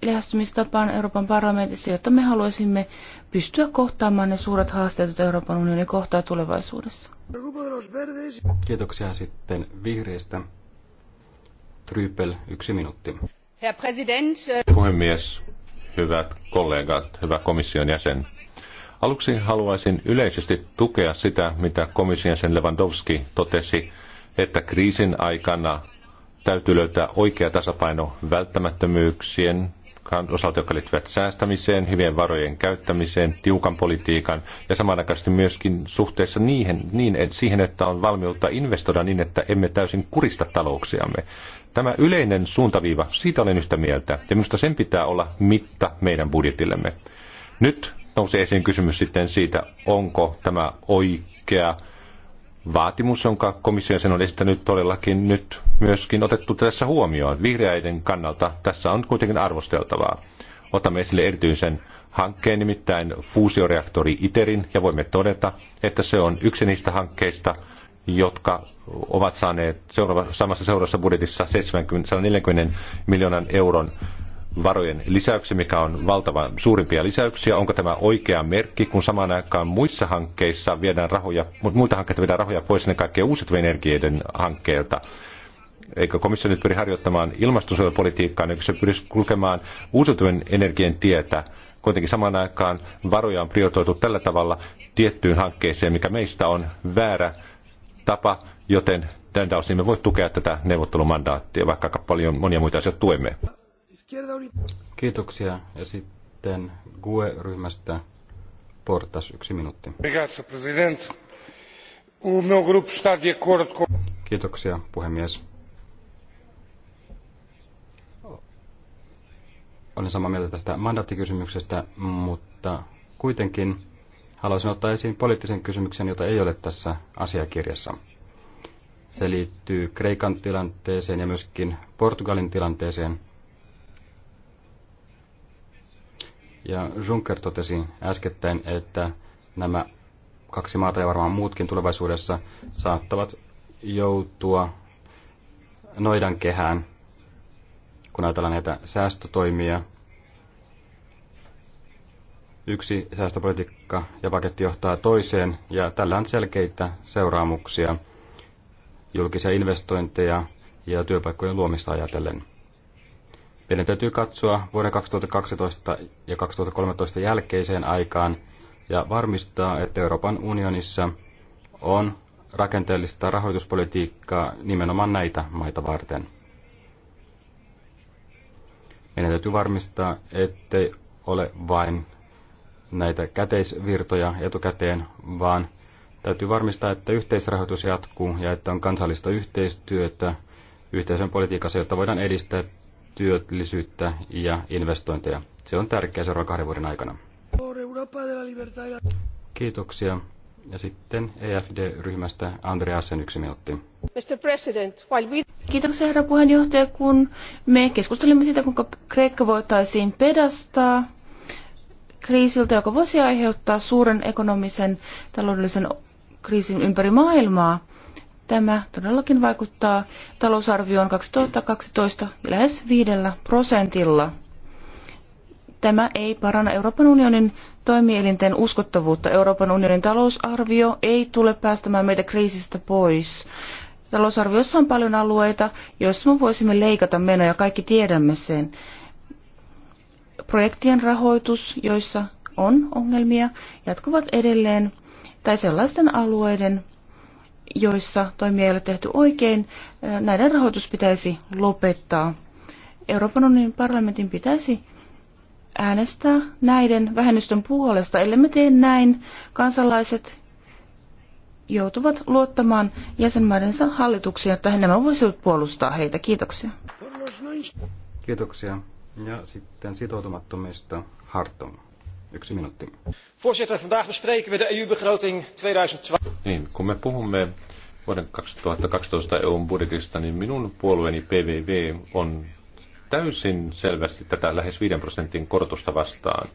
lähestymistapaan Euroopan parlamentissa, jotta me haluaisimme pystyä kohtaamaan ne suuret haasteet, joita Euroopan unioni kohtaa tulevaisuudessa. Kiitoksia sitten vihreistä. Trypel, yksi minuutti. Herr äh, Puhemies, hyvät kollegat, hyvä komission jäsen. Aluksi haluaisin yleisesti tukea sitä, mitä komission jäsen Lewandowski totesi, että kriisin aikana täytyy löytää oikea tasapaino välttämättömyyksien osalta, jotka liittyvät säästämiseen, hyvien varojen käyttämiseen, tiukan politiikan ja samanaikaisesti myöskin suhteessa niihin, niin, siihen, että on valmiutta investoida niin, että emme täysin kurista talouksiamme. Tämä yleinen suuntaviiva, siitä olen yhtä mieltä, ja minusta sen pitää olla mitta meidän budjetillemme. Nyt nousee esiin kysymys sitten siitä, onko tämä oikea vaatimus, jonka komissio sen on esittänyt todellakin nyt myöskin otettu tässä huomioon. Vihreäiden kannalta tässä on kuitenkin arvosteltavaa. Otamme esille erityisen hankkeen, nimittäin fuusioreaktori ITERin, ja voimme todeta, että se on yksi niistä hankkeista, jotka ovat saaneet seuraava, samassa seuraavassa budjetissa 70, 140 miljoonan euron varojen lisäyksi, mikä on valtavan suurimpia lisäyksiä. Onko tämä oikea merkki, kun samaan aikaan muissa hankkeissa viedään rahoja, muita hankkeita viedään rahoja pois ennen kaikkea uusiutuvien energioiden hankkeilta? Eikö komissio nyt pyri harjoittamaan ilmastonsuojelupolitiikkaa, niin se pyrisi kulkemaan uusiutuvien energian tietä? Kuitenkin samaan aikaan varoja on priotoitu tällä tavalla tiettyyn hankkeeseen, mikä meistä on väärä tapa, joten tältä osin me voi tukea tätä neuvottelumandaattia, vaikka paljon monia muita asioita tuemme. Kiitoksia. Ja sitten GUE-ryhmästä Portas, yksi minuutti. Kiitoksia, puhemies. Olen samaa mieltä tästä mandaattikysymyksestä, mutta kuitenkin Haluaisin ottaa esiin poliittisen kysymyksen, jota ei ole tässä asiakirjassa. Se liittyy Kreikan tilanteeseen ja myöskin Portugalin tilanteeseen. Ja Juncker totesi äskettäin, että nämä kaksi maata ja varmaan muutkin tulevaisuudessa saattavat joutua noidan kehään, kun ajatellaan näitä säästötoimia yksi säästöpolitiikka ja paketti johtaa toiseen, ja tällä on selkeitä seuraamuksia julkisia investointeja ja työpaikkojen luomista ajatellen. Meidän täytyy katsoa vuoden 2012 ja 2013 jälkeiseen aikaan ja varmistaa, että Euroopan unionissa on rakenteellista rahoituspolitiikkaa nimenomaan näitä maita varten. Meidän täytyy varmistaa, ettei ole vain näitä käteisvirtoja etukäteen, vaan täytyy varmistaa, että yhteisrahoitus jatkuu ja että on kansallista yhteistyötä yhteisön politiikassa, jotta voidaan edistää työllisyyttä ja investointeja. Se on tärkeää seuraavan kahden vuoden aikana. Kiitoksia. Ja sitten EFD-ryhmästä Andreasen yksi minuutti. Mr. President, while we... Kiitoksia herra puheenjohtaja, kun me keskustelimme siitä, kuinka Kreikka voitaisiin pedastaa kriisiltä, joka voisi aiheuttaa suuren ekonomisen taloudellisen kriisin ympäri maailmaa. Tämä todellakin vaikuttaa talousarvioon 2012 lähes viidellä prosentilla. Tämä ei paranna Euroopan unionin toimielinten uskottavuutta. Euroopan unionin talousarvio ei tule päästämään meitä kriisistä pois. Talousarviossa on paljon alueita, joissa me voisimme leikata menoja, kaikki tiedämme sen. Projektien rahoitus, joissa on ongelmia, jatkuvat edelleen, tai sellaisten alueiden, joissa toimia ei ole tehty oikein, näiden rahoitus pitäisi lopettaa. Euroopan unionin parlamentin pitäisi äänestää näiden vähennysten puolesta. me tee näin, kansalaiset joutuvat luottamaan jäsenmaidensa hallituksiin, he nämä voisivat puolustaa heitä. Kiitoksia. Kiitoksia. Ja sitten sitoutumattomista Hartong. Yksi minuutti. Voorzitter, vandaag bespreken we de EU-begroting 2012. Niin, kun me puhumme vuoden 2012 EUn budjetista, niin minun puolueeni PVV on täysin selvästi tätä lähes 5 prosentin korotusta vastaan.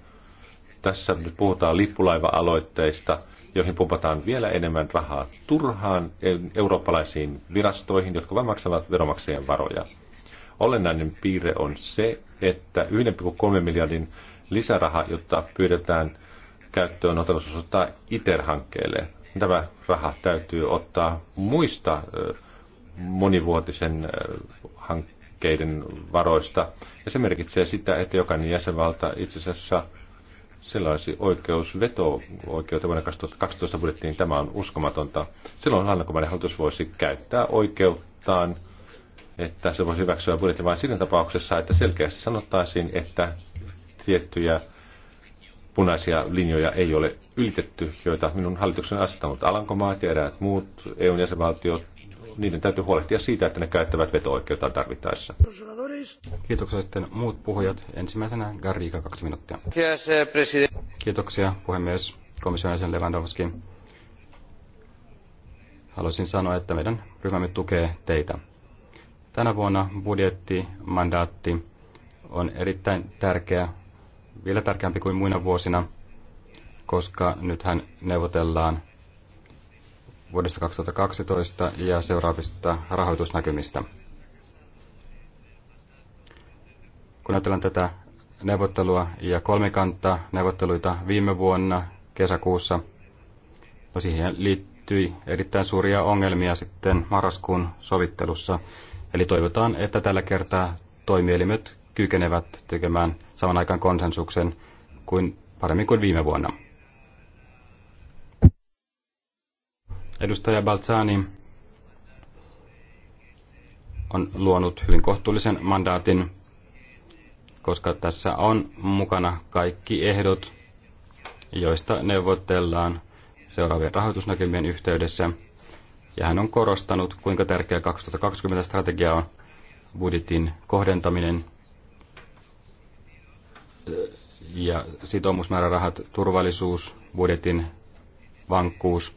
Tässä nyt puhutaan lippulaiva-aloitteista, joihin pumpataan vielä enemmän rahaa turhaan e- eurooppalaisiin virastoihin, jotka vain maksavat veromaksajien varoja. Olennainen piirre on se, että 1,3 miljardin lisäraha, jota pyydetään käyttöön, on tarkoitus ottaa ITER-hankkeelle. Tämä raha täytyy ottaa muista monivuotisen hankkeiden varoista. Ja se merkitsee sitä, että jokainen jäsenvalta itse asiassa sellaisi oikeus veto-oikeuteen vuonna 2012 budjettiin. Tämä on uskomatonta. Silloin hallinkomainen hallitus voisi käyttää oikeuttaan – että se voisi hyväksyä budjetin vain siinä tapauksessa, että selkeästi sanottaisiin, että tiettyjä punaisia linjoja ei ole ylitetty, joita minun hallituksen asettanut Alankomaat ja eräät muut EUn jäsenvaltiot, niiden täytyy huolehtia siitä, että ne käyttävät veto-oikeutta tarvittaessa. Kiitoksia sitten muut puhujat. Ensimmäisenä Garriga kaksi minuuttia. Eh, Kiitoksia puhemies, komission jäsen Lewandowski. Haluaisin sanoa, että meidän ryhmämme tukee teitä. Tänä vuonna budjettimandaatti on erittäin tärkeä, vielä tärkeämpi kuin muina vuosina, koska nythän neuvotellaan vuodesta 2012 ja seuraavista rahoitusnäkymistä. Kun ajatellaan tätä neuvottelua ja kolmikanta neuvotteluita viime vuonna kesäkuussa, no siihen liittyi erittäin suuria ongelmia sitten marraskuun sovittelussa Eli toivotaan, että tällä kertaa toimielimet kykenevät tekemään saman aikaan konsensuksen kuin paremmin kuin viime vuonna. Edustaja Balzani on luonut hyvin kohtuullisen mandaatin, koska tässä on mukana kaikki ehdot, joista neuvotellaan seuraavien rahoitusnäkymien yhteydessä – ja hän on korostanut, kuinka tärkeä 2020-strategia on budjetin kohdentaminen ja sitoumusmäärärahat, turvallisuus, budjetin vankkuus.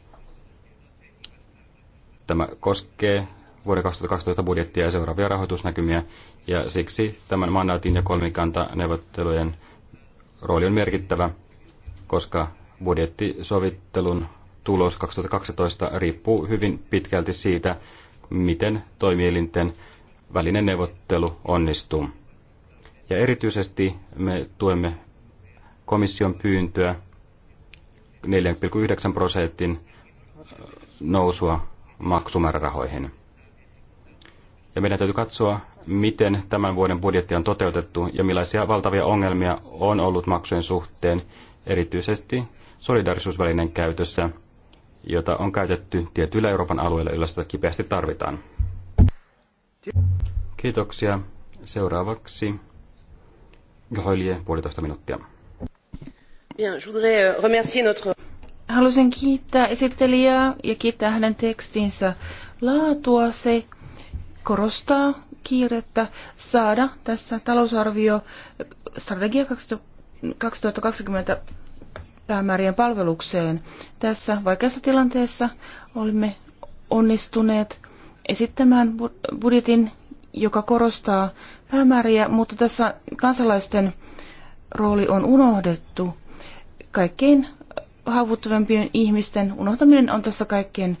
Tämä koskee vuoden 2012 budjettia ja seuraavia rahoitusnäkymiä, ja siksi tämän mandaatin ja kolmikanta neuvottelujen rooli on merkittävä, koska budjettisovittelun tulos 2012 riippuu hyvin pitkälti siitä, miten toimielinten välinen neuvottelu onnistuu. Ja erityisesti me tuemme komission pyyntöä 4,9 prosentin äh, nousua maksumäärärahoihin. Ja meidän täytyy katsoa, miten tämän vuoden budjetti on toteutettu ja millaisia valtavia ongelmia on ollut maksujen suhteen, erityisesti solidarisuusvälinen käytössä – jota on käytetty tietyillä Euroopan alueilla, joilla sitä kipeästi tarvitaan. Kiitoksia. Seuraavaksi Goholier, puolitoista minuuttia. Euh, Haluaisin kiittää esittelijää ja kiittää hänen tekstinsä laatua. Se korostaa kiirettä saada tässä talousarvio strategia 2020 päämäärien palvelukseen. Tässä vaikeassa tilanteessa olimme onnistuneet esittämään budjetin, joka korostaa päämääriä, mutta tässä kansalaisten rooli on unohdettu. Kaikkein haavoittuvimpien ihmisten unohtaminen on tässä kaikkien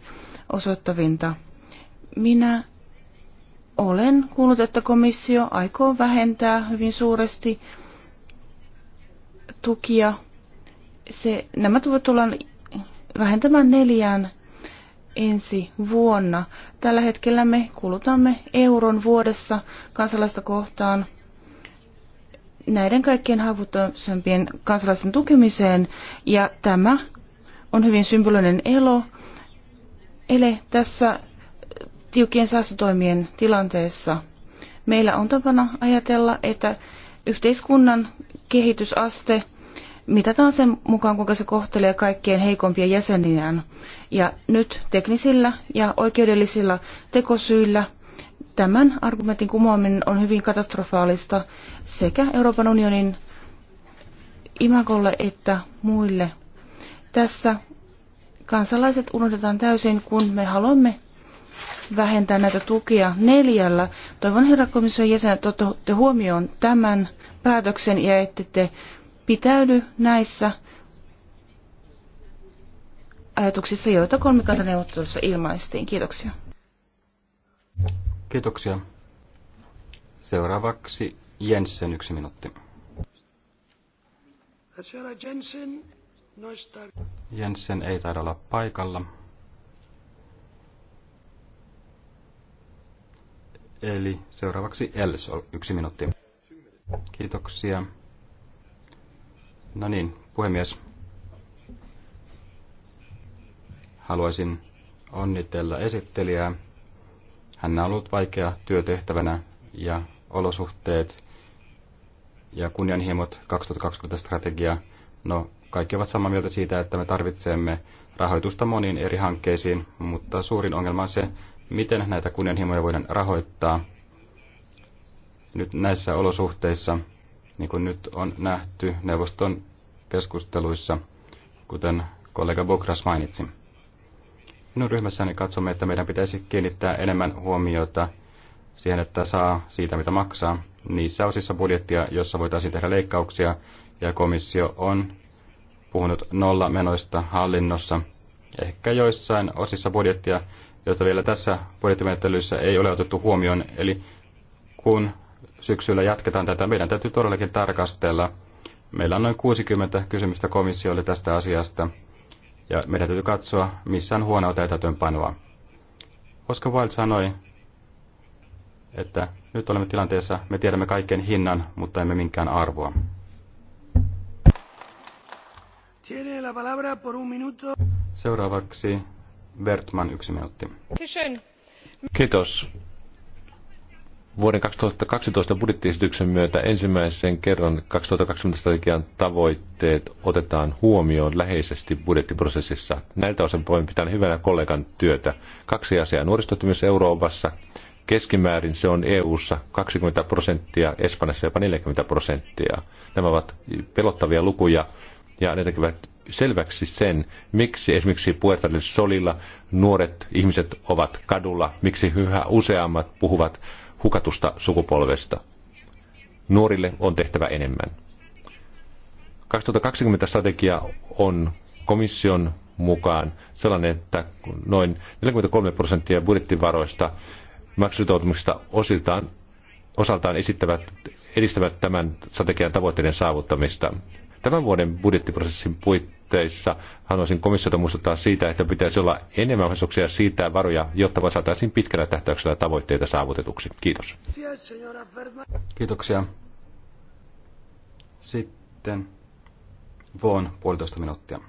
osoittavinta. Minä olen kuullut, että komissio aikoo vähentää hyvin suuresti tukia se, nämä tullaan vähentämään neljään ensi vuonna. Tällä hetkellä me kulutamme euron vuodessa kansalaista kohtaan näiden kaikkien haavoittuvaisempien kansalaisten tukemiseen, ja tämä on hyvin symbolinen elo. Ele tässä tiukien säästötoimien tilanteessa meillä on tapana ajatella, että yhteiskunnan kehitysaste – mitataan sen mukaan, kuinka se kohtelee kaikkien heikompia jäseniään. Ja nyt teknisillä ja oikeudellisilla tekosyillä tämän argumentin kumoaminen on hyvin katastrofaalista sekä Euroopan unionin imakolle että muille. Tässä kansalaiset unohdetaan täysin, kun me haluamme vähentää näitä tukia neljällä. Toivon herra komission jäsenet, että otatte huomioon tämän päätöksen ja ette te pitäydy näissä ajatuksissa, joita kolmikantaneuvottelussa ilmaistiin. Kiitoksia. Kiitoksia. Seuraavaksi Jensen yksi minuutti. Jensen ei taida olla paikalla. Eli seuraavaksi Els, yksi minuutti. Kiitoksia. No niin, puhemies. Haluaisin onnitella esittelijää. Hän on ollut vaikea työtehtävänä ja olosuhteet ja kunnianhimot 2020 strategia. No, kaikki ovat samaa mieltä siitä, että me tarvitsemme rahoitusta moniin eri hankkeisiin, mutta suurin ongelma on se, miten näitä kunnianhimoja voidaan rahoittaa nyt näissä olosuhteissa – niin kuin nyt on nähty neuvoston keskusteluissa, kuten kollega Bokras mainitsi. Minun ryhmässäni katsomme, että meidän pitäisi kiinnittää enemmän huomiota siihen, että saa siitä, mitä maksaa, niissä osissa budjettia, jossa voitaisiin tehdä leikkauksia, ja komissio on puhunut nolla menoista hallinnossa, ehkä joissain osissa budjettia, joita vielä tässä budjettimenettelyssä ei ole otettu huomioon. Eli kun syksyllä jatketaan tätä. Meidän täytyy todellakin tarkastella. Meillä on noin 60 kysymystä komissiolle tästä asiasta. Ja meidän täytyy katsoa, missä on huonoa täytäntöönpanoa. Oscar Wilde sanoi, että nyt olemme tilanteessa, me tiedämme kaiken hinnan, mutta emme minkään arvoa. Seuraavaksi Bertman yksi minuutti. Kiitos vuoden 2012 budjettiesityksen myötä ensimmäisen kerran 2020 strategian tavoitteet otetaan huomioon läheisesti budjettiprosessissa. Näiltä osin voin pitää hyvänä kollegan työtä. Kaksi asiaa nuoristotumis Euroopassa. Keskimäärin se on EU:ssa 20 prosenttia, Espanjassa jopa 40 prosenttia. Nämä ovat pelottavia lukuja ja ne tekevät selväksi sen, miksi esimerkiksi Puerto Solilla nuoret ihmiset ovat kadulla, miksi yhä useammat puhuvat hukatusta sukupolvesta. Nuorille on tehtävä enemmän. 2020 strategia on komission mukaan sellainen, että noin 43 prosenttia budjettivaroista maksusitoutumista osiltaan, osaltaan esittävät, edistävät tämän strategian tavoitteiden saavuttamista. Tämän vuoden budjettiprosessin puitteissa puitteissa. Haluaisin komissiota muistuttaa siitä, että pitäisi olla enemmän mahdollisuuksia siirtää varoja, jotta saataisiin pitkällä tähtäyksellä tavoitteita saavutetuksi. Kiitos. Kiitoksia. Sitten Vaughan puolitoista minuuttia.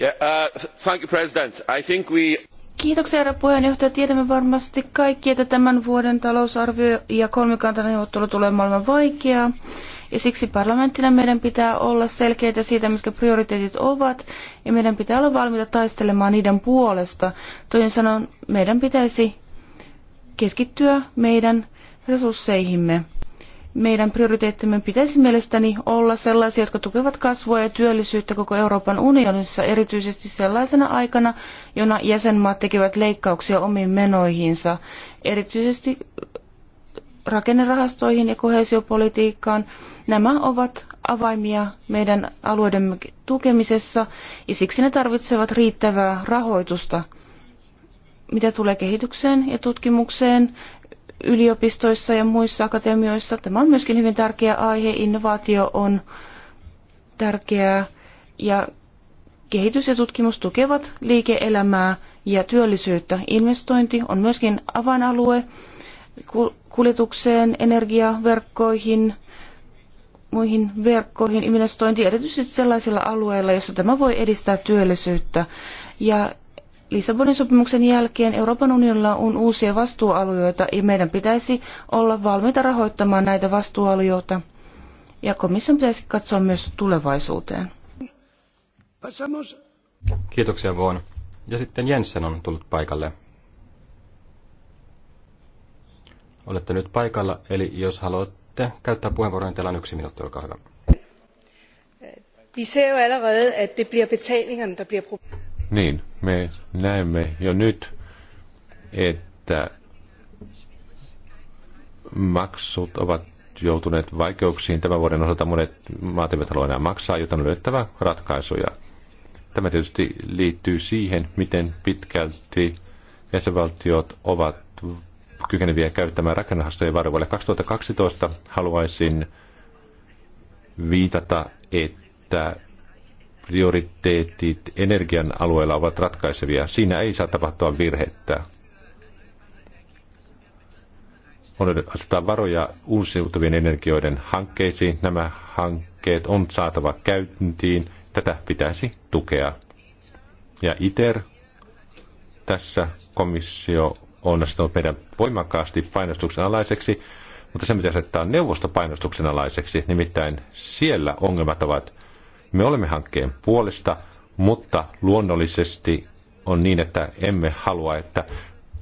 Yeah, uh, thank you, President. I think we... Kiitoksia, herra puheenjohtaja. Tiedämme varmasti kaikki, että tämän vuoden talousarvio ja kolmikantaneuvottelu tulee maailman vaikeaa. Ja siksi parlamenttina meidän pitää olla selkeitä siitä, mitkä prioriteetit ovat, ja meidän pitää olla valmiita taistelemaan niiden puolesta. Toisin sanoen, meidän pitäisi keskittyä meidän resursseihimme meidän prioriteettimme pitäisi mielestäni olla sellaisia, jotka tukevat kasvua ja työllisyyttä koko Euroopan unionissa, erityisesti sellaisena aikana, jona jäsenmaat tekevät leikkauksia omiin menoihinsa, erityisesti rakennerahastoihin ja koheesiopolitiikkaan. Nämä ovat avaimia meidän alueidemme tukemisessa ja siksi ne tarvitsevat riittävää rahoitusta. Mitä tulee kehitykseen ja tutkimukseen, yliopistoissa ja muissa akatemioissa. Tämä on myöskin hyvin tärkeä aihe. Innovaatio on tärkeää ja kehitys ja tutkimus tukevat liike-elämää ja työllisyyttä. Investointi on myöskin avainalue kuljetukseen, energiaverkkoihin, muihin verkkoihin investointi erityisesti sellaisilla alueilla, joissa tämä voi edistää työllisyyttä. Ja Lissabonin sopimuksen jälkeen Euroopan unionilla on uusia vastuualueita ja meidän pitäisi olla valmiita rahoittamaan näitä vastuualueita. Ja komission pitäisi katsoa myös tulevaisuuteen. Kiitoksia Vuon. Ja sitten Jensen on tullut paikalle. Olette nyt paikalla, eli jos haluatte käyttää puheenvuoron, niin teillä on yksi minuutti, olkaa hyvä. Vi ser jo allerede, at det bliver betalingerne, der bliver Niin, me näemme jo nyt, että maksut ovat joutuneet vaikeuksiin. Tämän vuoden osalta monet maat eivät halua enää maksaa, joten on löydettävä ratkaisuja. Tämä tietysti liittyy siihen, miten pitkälti jäsenvaltiot ovat kykeneviä käyttämään rakennerahastojen varoja. Vuodelle 2012 haluaisin viitata, että prioriteetit energian alueella ovat ratkaisevia. Siinä ei saa tapahtua virhettä. Asetetaan varoja uusiutuvien energioiden hankkeisiin. Nämä hankkeet on saatava käyntiin. Tätä pitäisi tukea. Ja ITER, tässä komissio on asettanut meidän voimakkaasti painostuksen alaiseksi, mutta se pitäisi asettaa neuvosto painostuksen alaiseksi. Nimittäin siellä ongelmat ovat me olemme hankkeen puolesta, mutta luonnollisesti on niin, että emme halua, että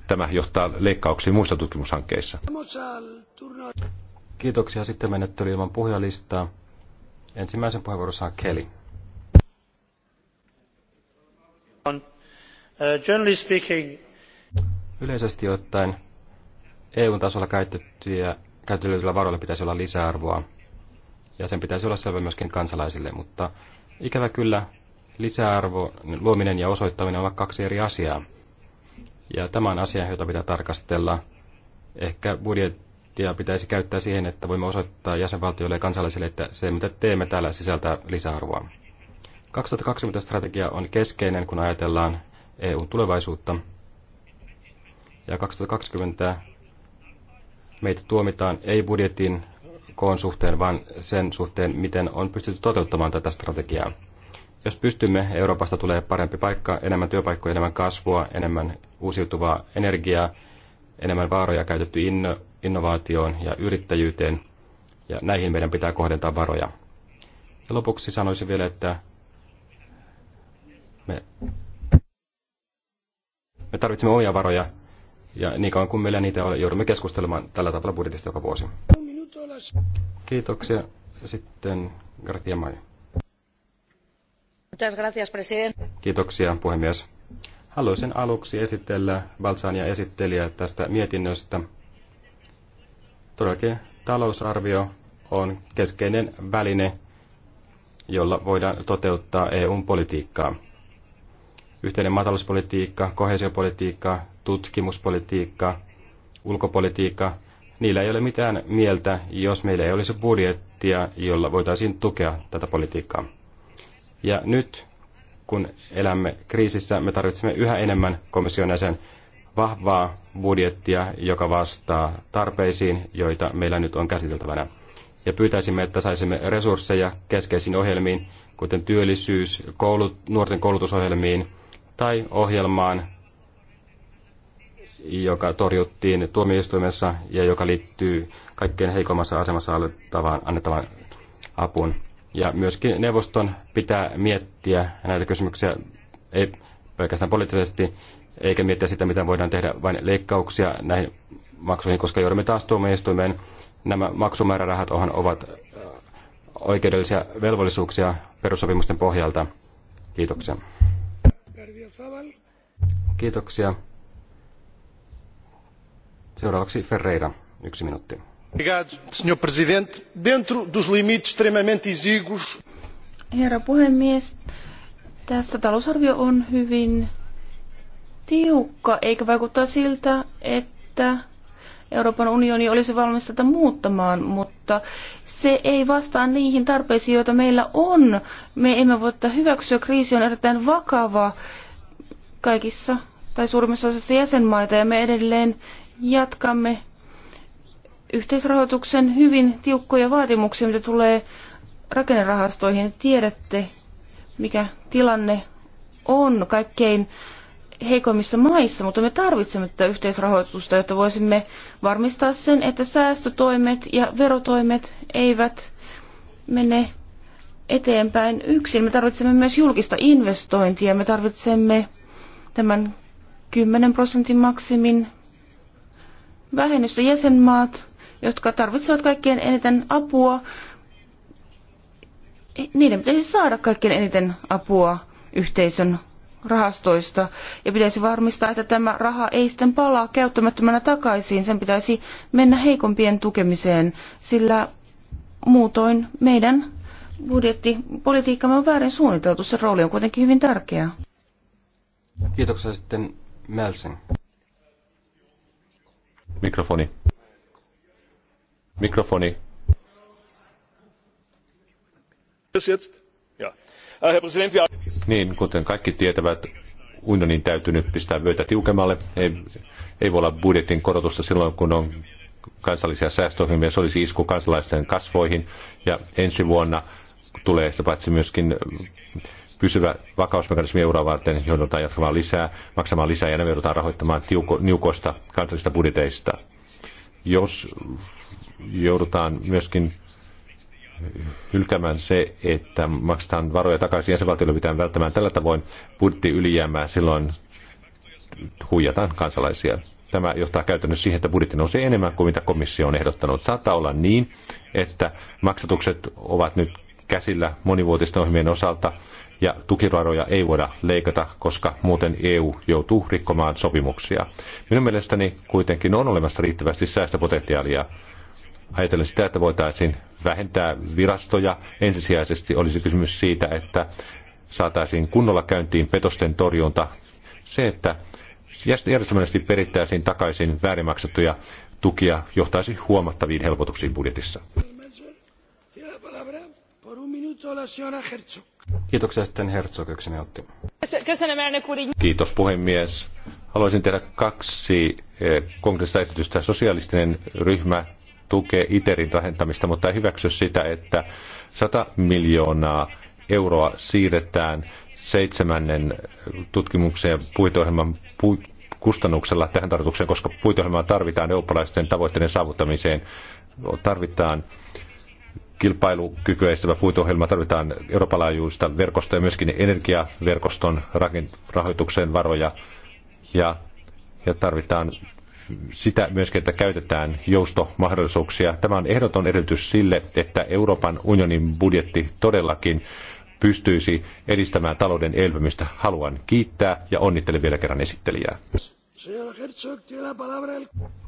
tämä johtaa leikkauksiin muissa tutkimushankkeissa. Kiitoksia. Sitten menettely ilman puhujalistaa. Ensimmäisen puheenvuoron saa Kelly. Uh, Yleisesti ottaen EU-tasolla käytettyjä, käytetyillä varoilla pitäisi olla lisäarvoa ja sen pitäisi olla selvä myöskin kansalaisille, mutta ikävä kyllä lisäarvo luominen ja osoittaminen ovat kaksi eri asiaa. Ja tämä on asia, jota pitää tarkastella. Ehkä budjettia pitäisi käyttää siihen, että voimme osoittaa jäsenvaltioille ja kansalaisille, että se mitä teemme täällä sisältää lisäarvoa. 2020 strategia on keskeinen, kun ajatellaan EUn tulevaisuutta. Ja 2020 meitä tuomitaan ei budjetin koon suhteen, vaan sen suhteen, miten on pystytty toteuttamaan tätä strategiaa. Jos pystymme, Euroopasta tulee parempi paikka, enemmän työpaikkoja, enemmän kasvua, enemmän uusiutuvaa energiaa, enemmän vaaroja käytetty inno, innovaatioon ja yrittäjyyteen, ja näihin meidän pitää kohdentaa varoja. Ja lopuksi sanoisin vielä, että me, me tarvitsemme omia varoja, ja niin kauan kuin meillä niitä on, joudumme keskustelemaan tällä tavalla budjetista joka vuosi. Kiitoksia. Sitten Garcia Maja. Kiitoksia, puhemies. Haluaisin aluksi esitellä Balsania esittelijä tästä mietinnöstä. Todellakin talousarvio on keskeinen väline, jolla voidaan toteuttaa EUn politiikkaa. Yhteinen maatalouspolitiikka, kohesiopolitiikka, tutkimuspolitiikka, ulkopolitiikka niillä ei ole mitään mieltä, jos meillä ei olisi budjettia, jolla voitaisiin tukea tätä politiikkaa. Ja nyt, kun elämme kriisissä, me tarvitsemme yhä enemmän komission jäsen vahvaa budjettia, joka vastaa tarpeisiin, joita meillä nyt on käsiteltävänä. Ja pyytäisimme, että saisimme resursseja keskeisiin ohjelmiin, kuten työllisyys, koulut, nuorten koulutusohjelmiin tai ohjelmaan, joka torjuttiin tuomioistuimessa ja joka liittyy kaikkein heikommassa asemassa olettavaan annettavaan apuun. Ja myöskin neuvoston pitää miettiä näitä kysymyksiä, ei pelkästään poliittisesti, eikä miettiä sitä, mitä voidaan tehdä vain leikkauksia näihin maksuihin, koska joudumme taas tuomioistuimeen. Nämä maksumäärärahat ovat äh, oikeudellisia velvollisuuksia perussopimusten pohjalta. Kiitoksia. Kiitoksia. Seuraavaksi Ferreira, yksi minuutti. presidente, dentro dos limites extremamente Herra puhemies, tässä talousarvio on hyvin tiukka, eikä vaikuttaa siltä, että Euroopan unioni olisi valmis tätä muuttamaan, mutta se ei vastaa niihin tarpeisiin, joita meillä on. Me emme voi tätä hyväksyä. Kriisi on erittäin vakava kaikissa tai suurimmassa osassa jäsenmaita ja me edelleen jatkamme yhteisrahoituksen hyvin tiukkoja vaatimuksia, mitä tulee rakennerahastoihin. Tiedätte, mikä tilanne on kaikkein heikoimmissa maissa, mutta me tarvitsemme tätä yhteisrahoitusta, jotta voisimme varmistaa sen, että säästötoimet ja verotoimet eivät mene eteenpäin yksin. Me tarvitsemme myös julkista investointia. Me tarvitsemme tämän 10 prosentin maksimin vähennystä jäsenmaat, jotka tarvitsevat kaikkein eniten apua, niiden pitäisi saada kaikkein eniten apua yhteisön rahastoista ja pitäisi varmistaa, että tämä raha ei sitten palaa käyttämättömänä takaisin. Sen pitäisi mennä heikompien tukemiseen, sillä muutoin meidän budjettipolitiikkamme on väärin suunniteltu. Se rooli on kuitenkin hyvin tärkeä. Kiitoksia sitten Melsen. Mikrofoni. Mikrofoni. Äh, niin, kuten kaikki tietävät, unionin täytyy nyt pistää vyötä tiukemmalle. Ei, ei voi olla budjetin korotusta silloin, kun on kansallisia säästöohjelmia. Se olisi isku kansalaisten kasvoihin. Ja ensi vuonna tulee se paitsi myöskin pysyvä vakausmekanismi euroa varten joudutaan jatkamaan lisää, maksamaan lisää ja ne joudutaan rahoittamaan tiuko, niukoista kansallisista budjeteista. Jos joudutaan myöskin hylkäämään se, että maksetaan varoja takaisin jäsenvaltioille pitää välttämään tällä tavoin budjetti ylijäämää, silloin huijataan kansalaisia. Tämä johtaa käytännössä siihen, että budjetti nousee enemmän kuin mitä komissio on ehdottanut. Saattaa olla niin, että maksatukset ovat nyt käsillä monivuotisten ohjelmien osalta, ja tukivaroja ei voida leikata, koska muuten EU joutuu rikkomaan sopimuksia. Minun mielestäni kuitenkin on olemassa riittävästi säästöpotentiaalia. Ajatellen sitä, että voitaisiin vähentää virastoja, ensisijaisesti olisi kysymys siitä, että saataisiin kunnolla käyntiin petosten torjunta. Se, että järjestelmällisesti perittäisiin takaisin väärin maksettuja tukia, johtaisi huomattaviin helpotuksiin budjetissa. Kiitoksia sitten Herzog, yksi minuutti. Kiitos puhemies. Haluaisin tehdä kaksi eh, konkreettista esitystä. Sosialistinen ryhmä tukee ITERin rakentamista, mutta ei hyväksy sitä, että 100 miljoonaa euroa siirretään seitsemännen eh, tutkimuksen ja pu- kustannuksella tähän tarkoitukseen, koska puitoihjelmaa tarvitaan eurooppalaisten tavoitteiden saavuttamiseen. Tarvitaan estävä puiteohjelma tarvitaan Euroopan laajuista verkostoa ja myöskin energiaverkoston rahoitukseen varoja ja, ja tarvitaan sitä myöskin, että käytetään joustomahdollisuuksia. Tämä on ehdoton edellytys sille, että Euroopan unionin budjetti todellakin pystyisi edistämään talouden elpymistä. Haluan kiittää ja onnittelen vielä kerran esittelijää.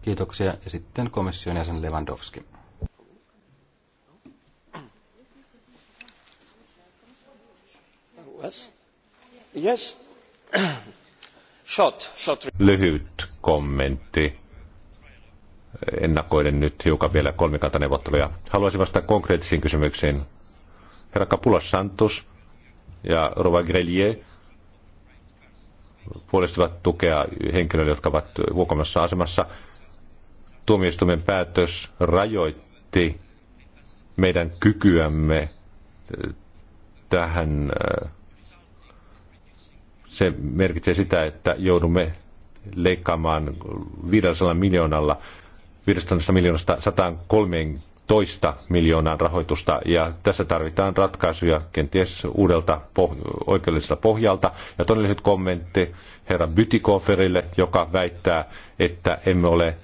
Kiitoksia. Ja sitten komission jäsen Lewandowski. Yes. yes. Short, short. Lyhyt kommentti. Ennakoiden nyt hiukan vielä kolmikantaneuvotteluja. Haluaisin vastata konkreettisiin kysymyksiin. Herra Kapulas Santos ja Rova Grelier puolestivat tukea henkilöille, jotka ovat huokommassa asemassa. Tuomioistuimen päätös rajoitti meidän kykyämme tähän äh, se merkitsee sitä, että joudumme leikkaamaan 500 miljoonalla 500 miljoonasta 113 miljoonaan rahoitusta ja tässä tarvitaan ratkaisuja kenties uudelta poh- oikeudelliselta pohjalta. Ja toinen lyhyt kommentti herra Bytikoferille, joka väittää, että emme ole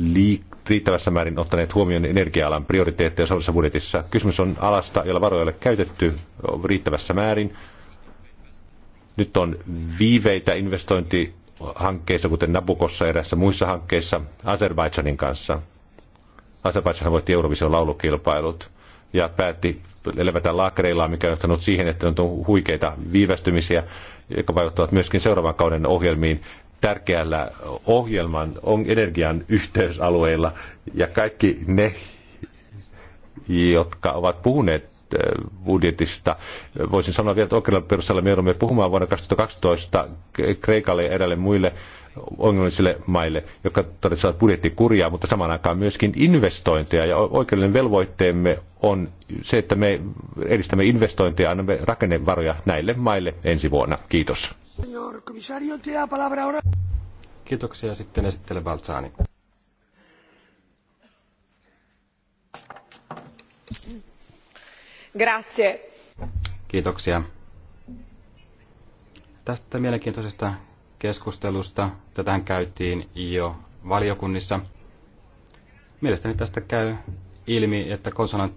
liik- riittävässä määrin ottaneet huomioon energia-alan prioriteetteja budjetissa. Kysymys on alasta, jolla varoja ei ole käytetty riittävässä määrin nyt on viiveitä investointihankkeissa, kuten Nabukossa ja erässä muissa hankkeissa, Azerbaidžanin kanssa. Azerbaidžan voitti Eurovision laulukilpailut ja päätti levätä laakereillaan, mikä on johtanut siihen, että on huikeita viivästymisiä, jotka vaikuttavat myöskin seuraavan kauden ohjelmiin tärkeällä ohjelman on energian yhteysalueilla. Ja kaikki ne, jotka ovat puhuneet budjetista. Voisin sanoa vielä, että oikealla perusteella me joudumme puhumaan vuonna 2012 Kreikalle ja eräille muille ongelmallisille maille, jotka budjetti budjettikuria, mutta samaan aikaan myöskin investointeja. Ja oikeudellinen velvoitteemme on se, että me edistämme investointeja ja annamme rakennevaroja näille maille ensi vuonna. Kiitos. Kiitoksia. Sitten esittele Balzani. Kiitoksia. Tästä mielenkiintoisesta keskustelusta. Tätähän käytiin jo valiokunnissa. Mielestäni tästä käy ilmi, että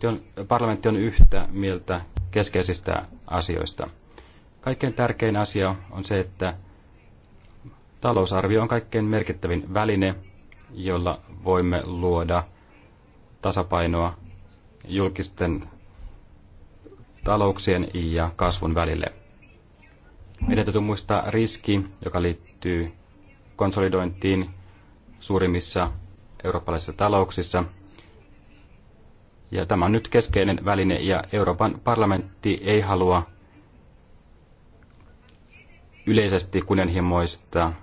on, parlamentti on yhtä mieltä keskeisistä asioista. Kaikkein tärkein asia on se, että talousarvio on kaikkein merkittävin väline, jolla voimme luoda tasapainoa julkisten talouksien ja kasvun välille. Meidän täytyy muistaa riski, joka liittyy konsolidointiin suurimmissa eurooppalaisissa talouksissa. Ja tämä on nyt keskeinen väline ja Euroopan parlamentti ei halua yleisesti kunnianhimoista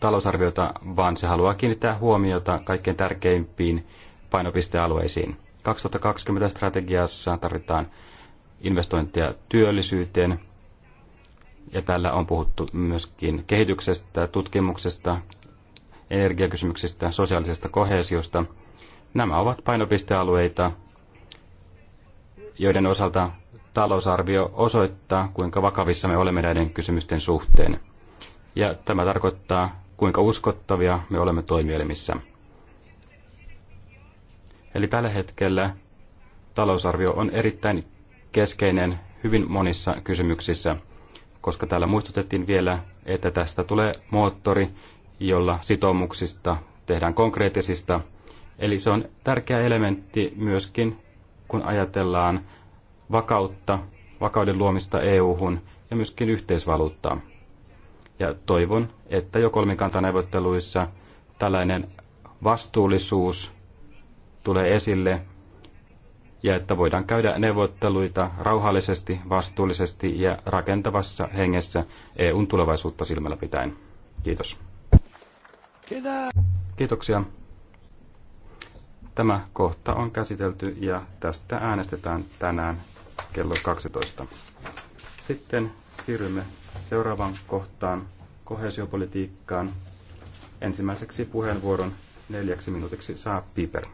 talousarviota, vaan se haluaa kiinnittää huomiota kaikkein tärkeimpiin painopistealueisiin. 2020 strategiassa tarvitaan investointeja työllisyyteen. Ja täällä on puhuttu myöskin kehityksestä, tutkimuksesta, energiakysymyksistä, sosiaalisesta kohesiosta. Nämä ovat painopistealueita, joiden osalta talousarvio osoittaa, kuinka vakavissa me olemme näiden kysymysten suhteen. Ja tämä tarkoittaa, kuinka uskottavia me olemme toimielimissä. Eli tällä hetkellä talousarvio on erittäin keskeinen hyvin monissa kysymyksissä, koska täällä muistutettiin vielä, että tästä tulee moottori, jolla sitoumuksista tehdään konkreettisista. Eli se on tärkeä elementti myöskin, kun ajatellaan vakautta, vakauden luomista EU-hun ja myöskin yhteisvaluuttaa. Ja toivon, että jo kolmikantaneuvotteluissa tällainen vastuullisuus tulee esille ja että voidaan käydä neuvotteluita rauhallisesti, vastuullisesti ja rakentavassa hengessä EUn tulevaisuutta silmällä pitäen. Kiitos. Kiitoksia. Tämä kohta on käsitelty ja tästä äänestetään tänään kello 12. Sitten siirrymme seuraavaan kohtaan, kohesiopolitiikkaan. Ensimmäiseksi puheenvuoron neljäksi minuutiksi saa Piper.